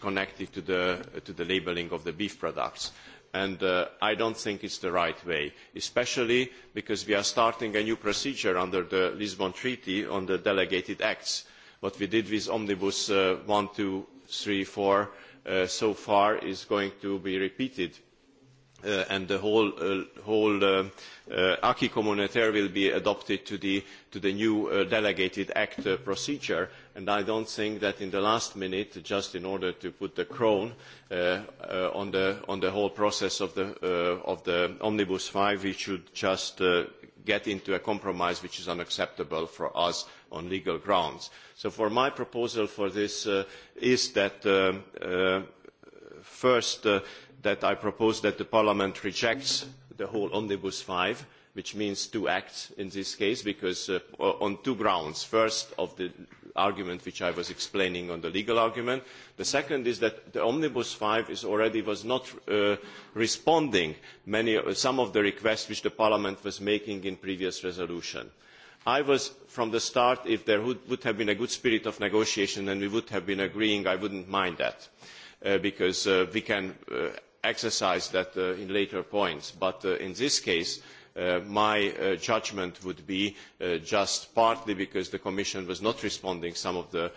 connected to the, labelling of the beef products. And i do not think it is the right way, especially because we are starting a new procedure under the Lisbon Treaty on the delegated acts. What we did with Omnibus uh, 1, 2, 3, Uh, so far is going to be repeated uh, and the whole, uh, whole uh, uh, acquis communautaire will be adopted to the, to the new delegated act procedure and i do not think that in the last minute just in order to put the crown on the, on the whole process of the, of the omnibus v we should just get into a compromise which is unacceptable for us on legal grounds. So for my proposal for this uh, is that uh, uh first uh, that I propose that the Parliament rejects the whole Omnibus 5 which means two acts in this case, because uh, on two grounds. First, of the argument which I was explaining on the legal argument. The second is that the Omnibus 5 is already was not uh, responding many, uh, some of the requests which the Parliament was making in previous resolutions i was from the start if there would, have been a good spirit of negotiation and we would have been agreeing i would not mind that uh, because uh, we can uh, exercise that at later points but in this case my judgment would be just partly because the commission was not responding to some of the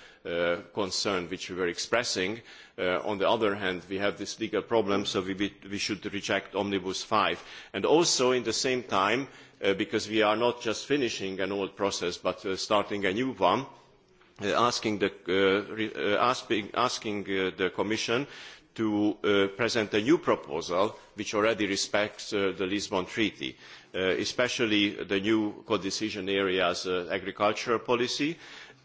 concern which we were expressing. on the other hand we have this legal problem so we, we should reject omnibus v and also at the same time Uh, because we are not just finishing an old process but uh, starting a new one, uh, asking the, uh, re, uh, asking, asking uh, the Commission to uh, present a new proposal which already respects uh, the Lisbon Treaty, uh, especially the new codecision areas uh, agricultural policy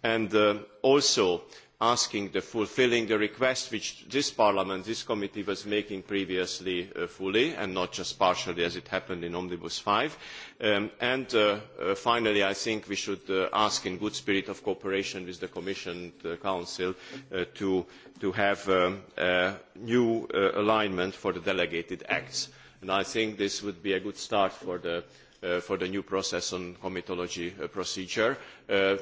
and uh, also asking the fulfilling the request which this parliament, this committee was making previously uh, fully and not just partially as it happened in Omnibus 5. Um, and uh, uh, finally, I think we should ask in good spirit of cooperation with the Commission, the Council, to, to have um, a new alignment for the delegated acts. And I think this would be a good start for the, for the new process on comitology procedure.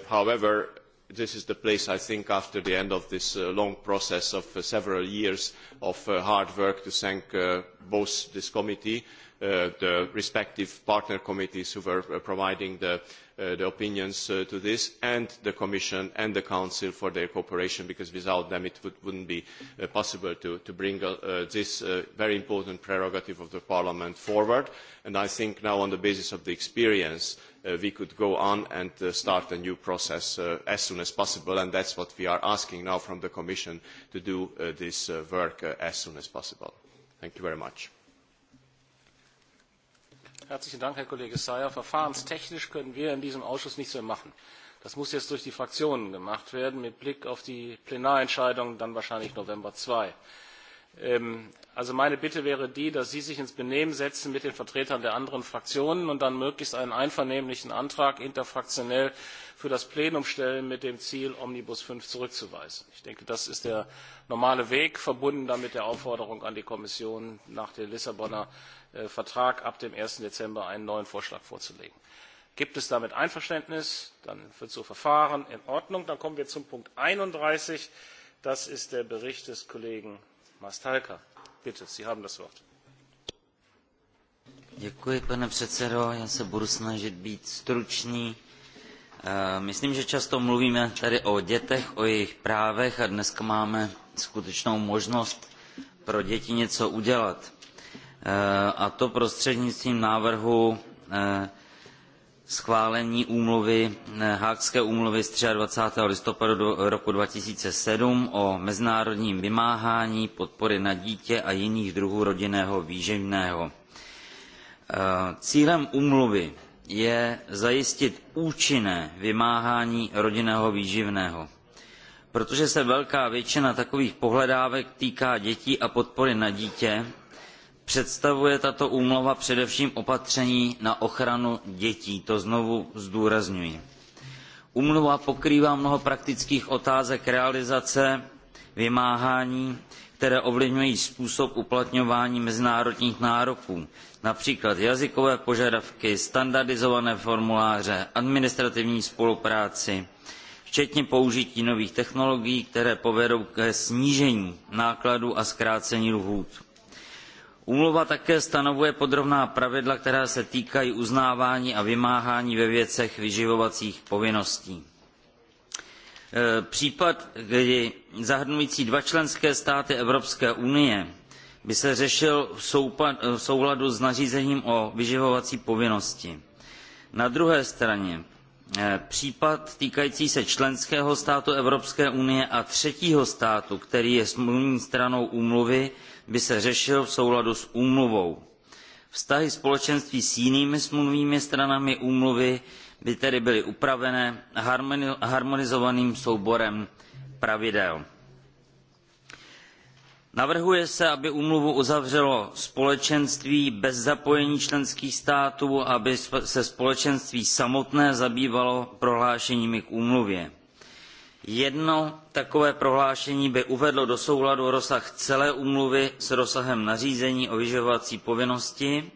however, this is the place i think after the end of this uh, long process of uh, several years of uh, hard work to thank both this committee the respective partner committees who were providing the, opinions to this and the commission and the council for their cooperation because without them it would, not be possible to, bring this very important prerogative of parliament forward and i think now on the basis of the experience uh, Uh, we could go on and uh, start a new process uh, as soon as possible, and that is what we are asking now from the Commission to do this work as soon as possible. Thank you very much. Herzlichen Dank, Herr Kollege Sayer. Verfahrenstechnisch können wir in diesem Ausschuss nichts mehr machen. Das muss jetzt durch die Fraktionen gemacht werden, mit Blick auf die Plenarentscheidung dann wahrscheinlich November 2. Ähm, also meine bitte wäre die dass sie sich ins benehmen setzen mit den vertretern der anderen fraktionen und dann möglichst einen einvernehmlichen antrag interfraktionell für das plenum stellen mit dem ziel omnibus v zurückzuweisen. ich denke das ist der normale weg verbunden dann mit der aufforderung an die kommission nach dem lissabonner äh, vertrag ab dem. eins dezember einen neuen vorschlag vorzulegen. gibt es damit einverständnis? dann wird so verfahren. in ordnung. dann kommen wir zu punkt einunddreißig das ist der bericht des kollegen Mastalka, bitte, Sie haben das Wort. Děkuji, pane předsedo. Já se budu snažit být stručný. Eh, myslím, že často mluvíme tady o dětech, o jejich právech a dneska máme skutečnou možnost pro děti něco udělat. Eh, a to prostřednictvím návrhu eh, schválení úmluvy, eh, Hákské úmluvy z 23. listopadu roku seven o mezinárodním vymáhání podpory na dítě a jiných druhů rodinného výživného. Eh, cílem úmluvy je zajistit účinné vymáhání rodinného výživného. Protože se velká většina takových pohledávek týká dětí a podpory na dítě, představuje tato úmluva především opatření na ochranu dětí to znovu zdůrazňuji. úmluva pokrývá mnoho praktických otázek realizace vymáhání které ovlivňují způsob uplatňování mezinárodních nároků například jazykové požadavky standardizované formuláře administrativní spolupráci včetně použití nových technologií které povedou ke snížení nákladů a zkrácení lhůt Úmluva také stanovuje podrobná pravidla, která se týkají uznávání a vymáhání ve věcech vyživovacích povinností. E, případ, kdy zahrnující dva členské státy Evropské unie by se řešil v souladu s nařízením o vyživovací povinnosti. Na druhé straně e, případ týkající se členského státu Evropské unie a třetího státu, který je smluvní stranou úmluvy, by se řešil v souladu s úmluvou. Vztahy společenství s jinými smluvními stranami úmluvy by tedy byly upravené harmonizovaným souborem pravidel. Navrhuje se, aby úmluvu uzavřelo společenství bez zapojení členských států, a aby se společenství samotné zabývalo prohlášeními k úmluvě Jedno takové prohlášení by uvedlo do souladu rozsah celé úmluvy s rozsahem nařízení o vyživovací povinnosti.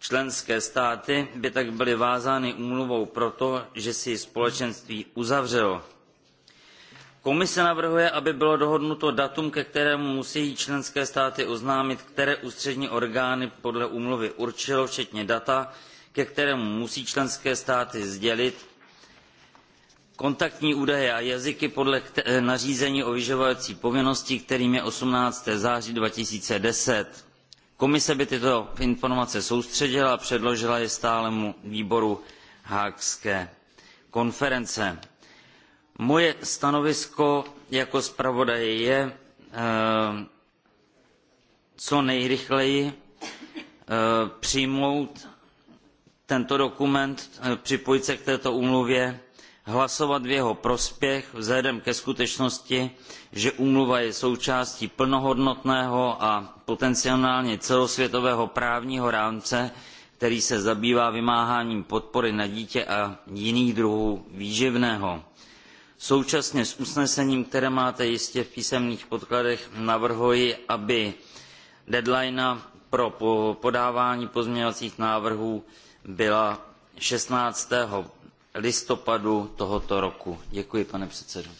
Členské státy by tak byly vázány úmluvou proto, že si ji společenství uzavřelo. Komise navrhuje, aby bylo dohodnuto datum, ke kterému musí členské státy oznámit, které ústřední orgány podle úmluvy určilo, včetně data, ke kterému musí členské státy sdělit kontaktní údaje a jazyky podle eh, nařízení o vyživovací povinnosti kterým je. eighteen září two thousand and ten komise by tyto informace soustředila a předložila je stálému výboru haagské konference. moje stanovisko jako zpravodaje je eh, co nejrychleji eh, přijmout tento dokument připojit se k této úmluvě hlasovat v jeho prospěch vzhledem ke skutečnosti že úmluva je součástí plnohodnotného a potencionálně celosvětového právního rámce který se zabývá vymáháním podpory na dítě a jiných druhů výživného. současně s usnesením které máte jistě v písemných podkladech navrhuji aby deadline pro podávání pozměňovacích návrhů byla sixteen listopadu tohoto roku. Děkuji, pane předsedo.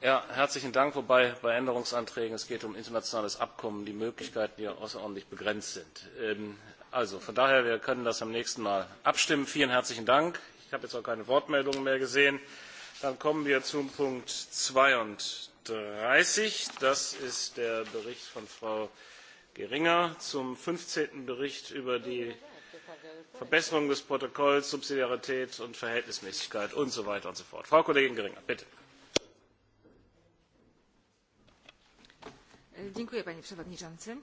Ja, herzlichen Dank. Wobei bei Änderungsanträgen, es geht um internationales Abkommen, die Möglichkeiten hier außerordentlich begrenzt sind. Ähm, also von daher, wir können das am nächsten Mal abstimmen. Vielen herzlichen Dank. Ich habe jetzt auch keine Wortmeldungen mehr gesehen. Dann kommen wir zu Punkt 32. Das ist der Bericht von Frau geringer zum fünfzehnten bericht über die verbesserung des protokolls subsidiarität und verhältnismäßigkeit und so weiter und so fort. frau kollegin geringer bitte. E, dziękuję, panie przewodniczący!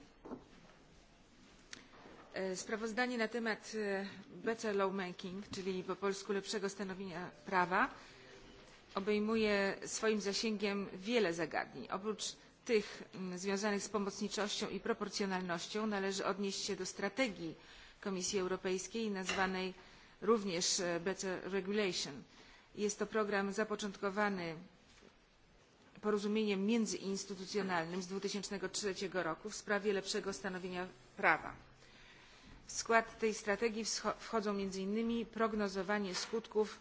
E, sprawozdanie na temat e, better lawmaking czyli po polsku lepszego stanowienia prawa obejmuje swoim zasięgiem wiele zagadnień. oprócz tych mm, związanych z pomocniczością i proporcjonalnością należy odnieść się do strategii komisji europejskiej nazwanej również e, better regulation. jest to program zapoczątkowany porozumieniem międzyinstytucjonalnym z dwa tysiące trzy roku w sprawie lepszego stanowienia prawa. w skład tej strategii wchodzą między innymi prognozowanie skutków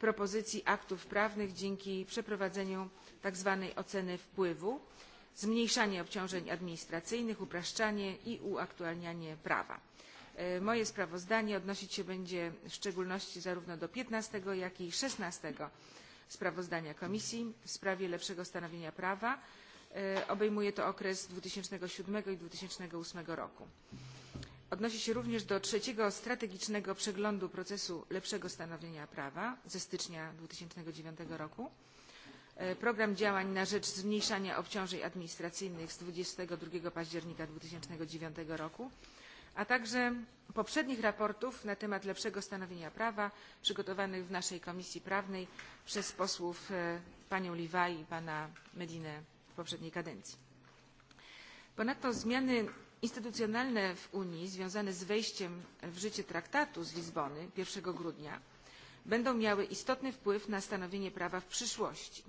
propozycji aktów prawnych dzięki przeprowadzeniu tak zwanej oceny wpływu oraz zmniejszanie obciążeń administracyjnych, upraszczanie i uaktualnianie prawa. E, moje sprawozdanie odnosić się będzie w szczególności zarówno do piętnastego jak i szesnastego sprawozdania Komisji w sprawie lepszego stanowienia prawa. E, obejmuje to okres siedem i osiem roku. Odnosi się również do trzeciego strategicznego przeglądu procesu lepszego stanowienia prawa ze stycznia 2009 roku E, program działań na rzecz zmniejszania obciążeń administracyjnych z dwadzieścia dwa października dwa tysiące dziewięć roku a także poprzednich raportów na temat lepszego stanowienia prawa przygotowanych w naszej komisji prawnej przez posłów e, panią livaj i pana medinę w poprzedniej kadencji. ponadto zmiany instytucjonalne w unii związane z wejściem w życie traktatu z lizbony jeden grudnia będą miały istotny wpływ na stanowienie prawa w przyszłości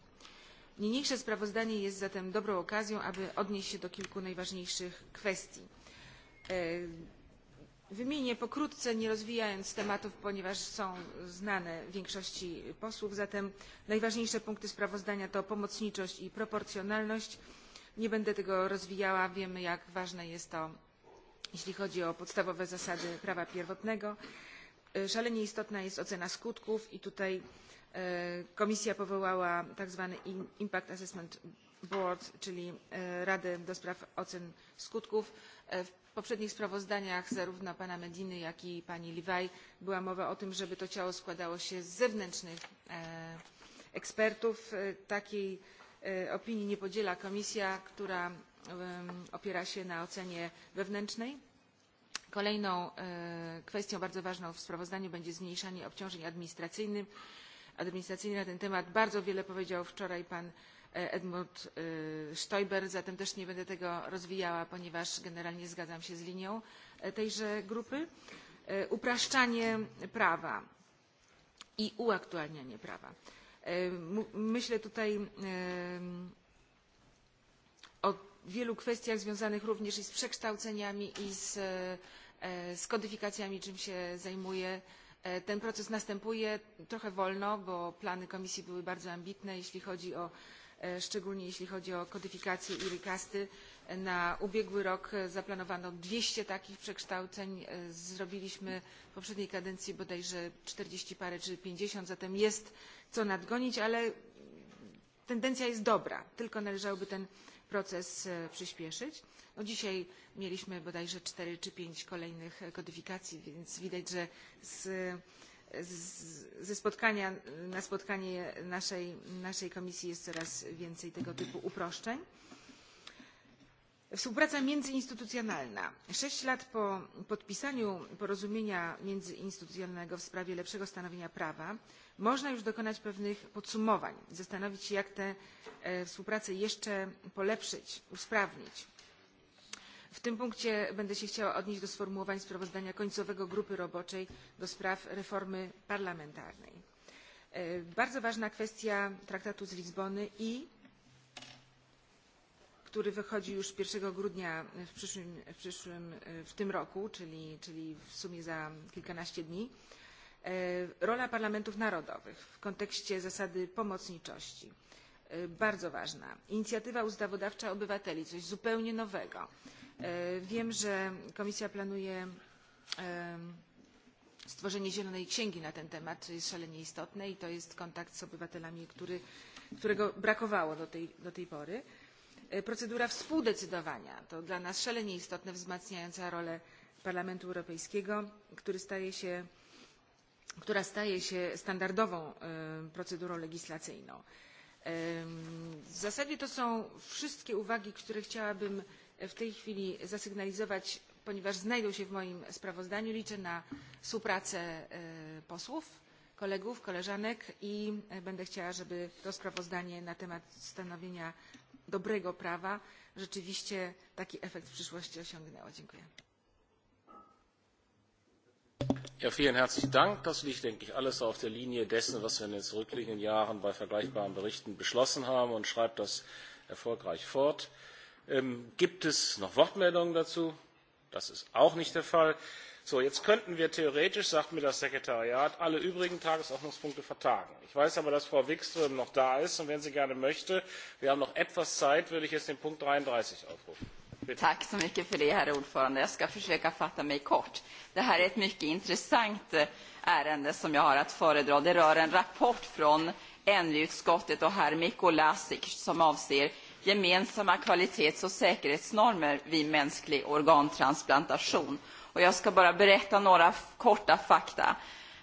Niniejsze sprawozdanie jest zatem dobrą okazją, aby odnieść się do kilku najważniejszych kwestii. E, wymienię pokrótce, nie rozwijając tematów, ponieważ są znane większości posłów, zatem najważniejsze punkty sprawozdania to pomocniczość i proporcjonalność. Nie będę tego rozwijała, wiemy jak ważne jest to, jeśli chodzi o podstawowe zasady prawa pierwotnego. E, szalenie istotna jest ocena skutków i tutaj E, komisja powołała tak zwany impact assessment board czyli e, radę do spraw ocen skutków. E, w poprzednich sprawozdaniach zarówno pana mediny jak i pani livaj była mowa o tym żeby to ciało składało się z zewnętrznych ekspertów. takiej opinii nie podziela komisja która opiera się na ocenie wewnętrznej. kolejną kwestią bardzo ważną w sprawozdaniu będzie zmniejszanie obciążeń administracyjnych administracyjnej na ten temat bardzo wiele powiedział wczoraj pan e, edmund e, stoiber zatem też nie będę tego rozwijała ponieważ generalnie zgadzam się z linią e, tejże grupy. upraszczanie prawa i uaktualnianie prawa myślę tutaj o wielu kwestiach związanych również i z przekształceniami i z, kodyfikacjami czym się zajmuję E, ten proces następuje trochę wolno bo plany komisji były bardzo ambitne e, szczególnie jeśli chodzi o kodyfikację i recasty. E, na ubiegły rok zaplanowano dwieście takich przekształceń zrobiliśmy w poprzedniej kadencji bodajże czterdzieści parę czy pięćdziesiąt zatem jest co nadgonić ale tendencja jest dobra tylko należałoby ten proces e, przyspieszyć. No, dzisiaj mieliśmy bodajże cztery czy pięć kolejnych kodyfikacji, więc widać, że z ze spotkania na spotkanie naszej komisji jest coraz więcej tego typu uproszczeń. Współpraca międzyinstytucjonalna. Sześć lat po podpisaniu porozumienia międzyinstytucjonalnego w sprawie lepszego stanowienia prawa można już dokonać pewnych podsumowań, i zastanowić się, jak tę e, współpracę jeszcze polepszyć, usprawnić. W tym punkcie będę się chciała odnieść do sformułowań sprawozdania końcowego grupy roboczej do spraw reformy parlamentarnej. E, bardzo ważna kwestia traktatu z Lizbony i który wychodzi już 1 grudnia w, przyszłym, w, przyszłym, w tym roku, czyli, czyli w sumie za kilkanaście dni, e, rola parlamentów narodowych w kontekście zasady pomocniczości. E, bardzo ważna. Inicjatywa ustawodawcza obywateli, coś zupełnie nowego. E, wiem, że Komisja planuje stworzenie zielonej księgi na ten temat, co jest szalenie istotne i to jest kontakt z obywatelami, którego brakowało do tej, do tej pory procedura współdecydowania to dla nas szalenie istotne wzmacniająca rolę parlamentu europejskiego staje się, która staje się standardową procedurą legislacyjną. w zasadzie to są wszystkie uwagi które chciałabym w tej chwili zasygnalizować ponieważ znajdą się w moim sprawozdaniu. liczę na współpracę posłów kolegów koleżanek i będę chciała żeby to sprawozdanie na temat stanowienia dobrego prawa rzeczywiście taki efekt w przyszłości osiągnęła. Dziękuję. vielen herzlichen Dank. Das liegt, denke ich, alles auf der Linie dessen, was wir in den zurückliegenden Jahren bei vergleichbaren Berichten beschlossen haben und schreibt das erfolgreich fort. Ähm, gibt es noch Wortmeldungen dazu? Das ist auch nicht der Fall. So, jetzt könnten wir theoretisch, sagt mir das Sekretariat, alle übrigen Tagesordnungspunkte vertagen. Ich weiß aber, dass Frau Wikström noch da ist und wenn sie gerne möchte, wir haben noch etwas Zeit, würde ich jetzt den Punkt 33 aufrufen. Bitte. Tack så mycket för det, herr ordförande. Jag ska försöka fatta mig kort. Det här är ett mycket intressant eh, ärende som jag har att föredra. Det rör en rapport från NU-utskottet och herr Mikolasik som avser gemensamma kvalitets och säkerhetsnormer vid mänsklig organtransplantation och jag ska bara berätta några korta fakta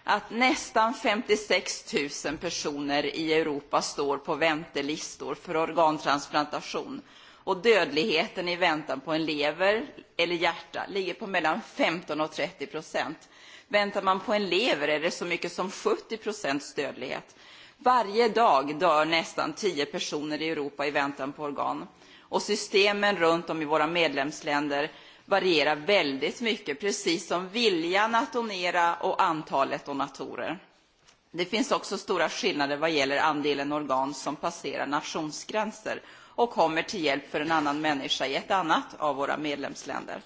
att nästan 56 000 personer i Europa står på väntelistor för organtransplantation och dödligheten i väntan på en lever eller hjärta ligger på mellan 15 och 30 procent. Väntar man på en lever är det så mycket som 70 procents dödlighet. Varje dag dör nästan 10 personer i Europa i väntan på organ. Och systemen runt om i våra medlemsländer varierar väldigt mycket, precis som viljan att donera och antalet donatorer. Det finns också stora skillnader vad gäller andelen organ som passerar nationsgränser och kommer till hjälp för en annan människa i ett annat av våra medlemsländer.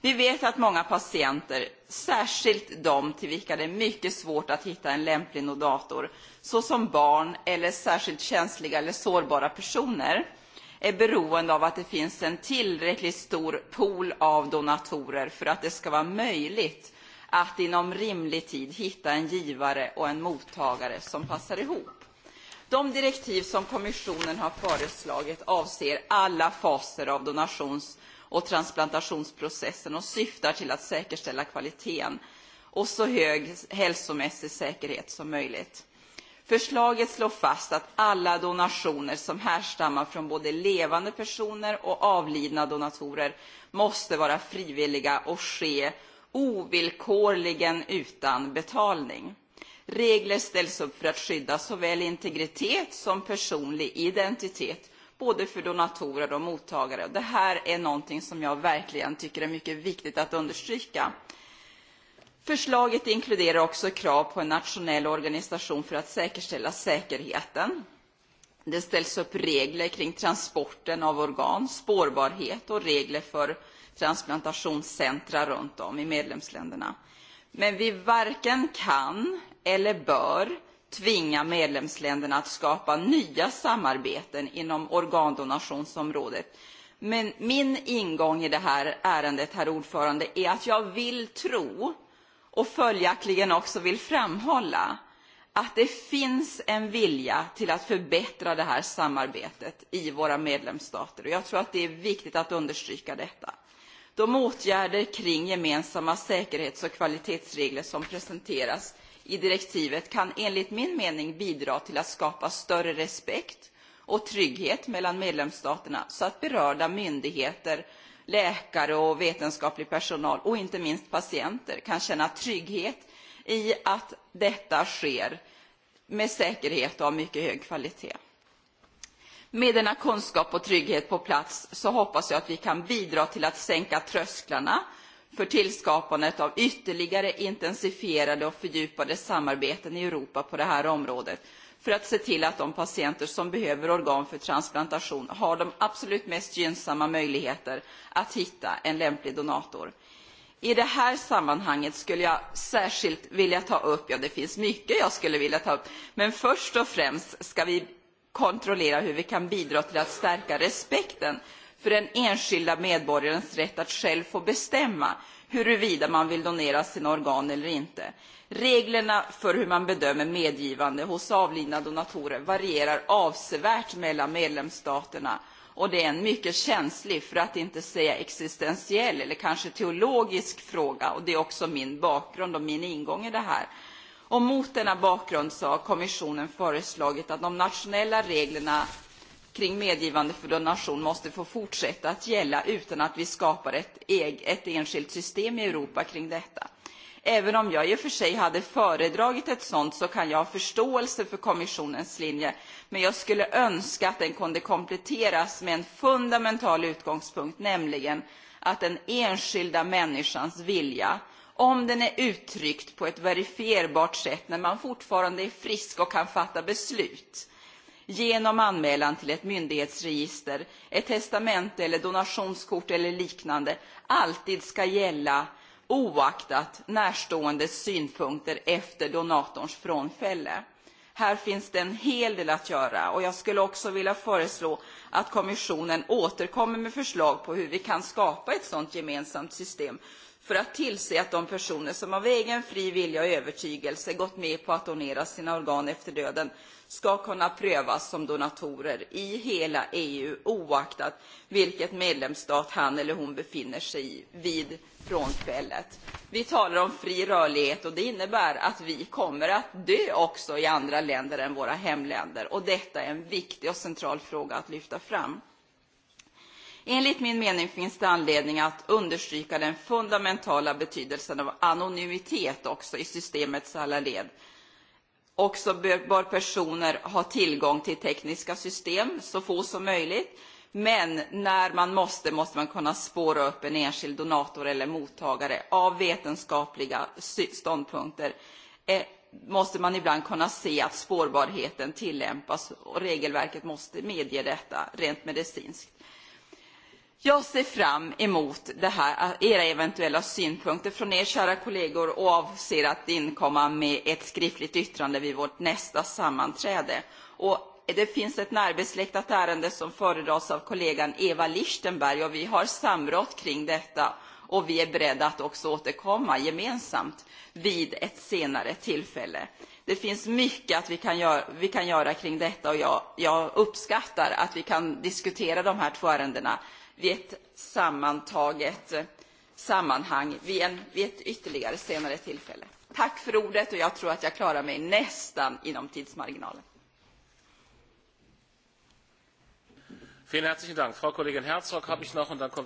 Vi vet att många patienter, särskilt de till vilka det är mycket svårt att hitta en lämplig donator, såsom barn eller särskilt känsliga eller sårbara personer, är beroende av att det finns en tillräckligt stor pool av donatorer för att det ska vara möjligt att inom rimlig tid hitta en givare och en mottagare som passar ihop. De direktiv som kommissionen har föreslagit avser alla faser av donations och transplantationsprocessen och syftar till att säkerställa kvaliteten och så hög hälsomässig säkerhet som möjligt. Förslaget slår fast att alla donationer som härstammar från både levande personer och avlidna donatorer måste vara frivilliga och ske ovillkorligen utan betalning. Regler ställs upp för att skydda såväl integritet som personlig identitet både för donatorer och mottagare. Det här är någonting som jag verkligen tycker är mycket viktigt att understryka. Förslaget inkluderar också krav på en nationell organisation för att säkerställa säkerheten. Det ställs upp regler kring transporten av organ, spårbarhet och regler för transplantationscentra runt om i medlemsländerna. Men vi varken kan eller bör tvinga medlemsländerna att skapa nya samarbeten inom organdonationsområdet. Men min ingång i det här ärendet, herr ordförande, är att jag vill tro och följaktligen också vill framhålla att det finns en vilja till att förbättra det här samarbetet i våra medlemsstater. Och jag tror att det är viktigt att understryka detta. De åtgärder kring gemensamma säkerhets och kvalitetsregler som presenteras i direktivet kan enligt min mening bidra till att skapa större respekt och trygghet mellan medlemsstaterna så att berörda myndigheter läkare och vetenskaplig personal och inte minst patienter kan känna trygghet i att detta sker med säkerhet och av mycket hög kvalitet. Med denna kunskap och trygghet på plats så hoppas jag att vi kan bidra till att sänka trösklarna för tillskapandet av ytterligare intensifierade och fördjupade samarbeten i Europa på det här området för att se till att de patienter som behöver organ för transplantation har de absolut mest gynnsamma möjligheter att hitta en lämplig donator. I det här sammanhanget skulle jag särskilt vilja ta upp, ja det finns mycket jag skulle vilja ta upp, men först och främst ska vi kontrollera hur vi kan bidra till att stärka respekten för den enskilda medborgarens rätt att själv få bestämma huruvida man vill donera sina organ eller inte. Reglerna för hur man bedömer medgivande hos avlidna donatorer varierar avsevärt mellan medlemsstaterna och det är en mycket känslig, för att inte säga existentiell eller kanske teologisk fråga och det är också min bakgrund och min ingång i det här. Och mot denna bakgrund så har kommissionen föreslagit att de nationella reglerna kring medgivande för donation måste få fortsätta att gälla utan att vi skapar ett, ett enskilt system i Europa kring detta. Även om jag i och för sig hade föredragit ett sånt så kan jag ha förståelse för kommissionens linje, men jag skulle önska att den kunde kompletteras med en fundamental utgångspunkt, nämligen att den enskilda människans vilja, om den är uttryckt på ett verifierbart sätt när man fortfarande är frisk och kan fatta beslut, genom anmälan till ett myndighetsregister, ett testamente eller donationskort eller liknande alltid ska gälla oaktat närståendes synpunkter efter donatorns frånfälle. Här finns det en hel del att göra och jag skulle också vilja föreslå att kommissionen återkommer med förslag på hur vi kan skapa ett sådant gemensamt system för att tillse att de personer som av egen fri vilja och övertygelse gått med på att donera sina organ efter döden ska kunna prövas som donatorer i hela EU oaktat vilket medlemsstat han eller hon befinner sig i vid frånfället. Vi talar om fri rörlighet och det innebär att vi kommer att dö också i andra länder än våra hemländer. Och detta är en viktig och central fråga att lyfta fram. Enligt min mening finns det anledning att understryka den fundamentala betydelsen av anonymitet också i systemets alla led. Också bör personer ha tillgång till tekniska system, så få som möjligt. Men när man måste, måste man kunna spåra upp en enskild donator eller mottagare av vetenskapliga ståndpunkter. Eh, måste man ibland kunna se att spårbarheten tillämpas och regelverket måste medge detta rent medicinskt. Jag ser fram emot det här, eh, era eventuella synpunkter från er kära kollegor och avser att inkomma med ett skriftligt yttrande vid vårt nästa sammanträde. Och det finns ett närbesläktat ärende som föredras av kollegan Eva Lichtenberg och vi har samrått kring detta och vi är beredda att också återkomma gemensamt vid ett senare tillfälle. Det finns mycket att vi kan, gör, vi kan göra kring detta och jag, jag uppskattar att vi kan diskutera de här två ärendena vid ett sammantaget eh, sammanhang vid, en, vid ett ytterligare senare tillfälle. Tack för ordet och jag tror att jag klarar mig nästan inom tidsmarginalen. Vielen herzlichen Dank. Frau Kollegin Herzog habe ich noch und dann kommen wir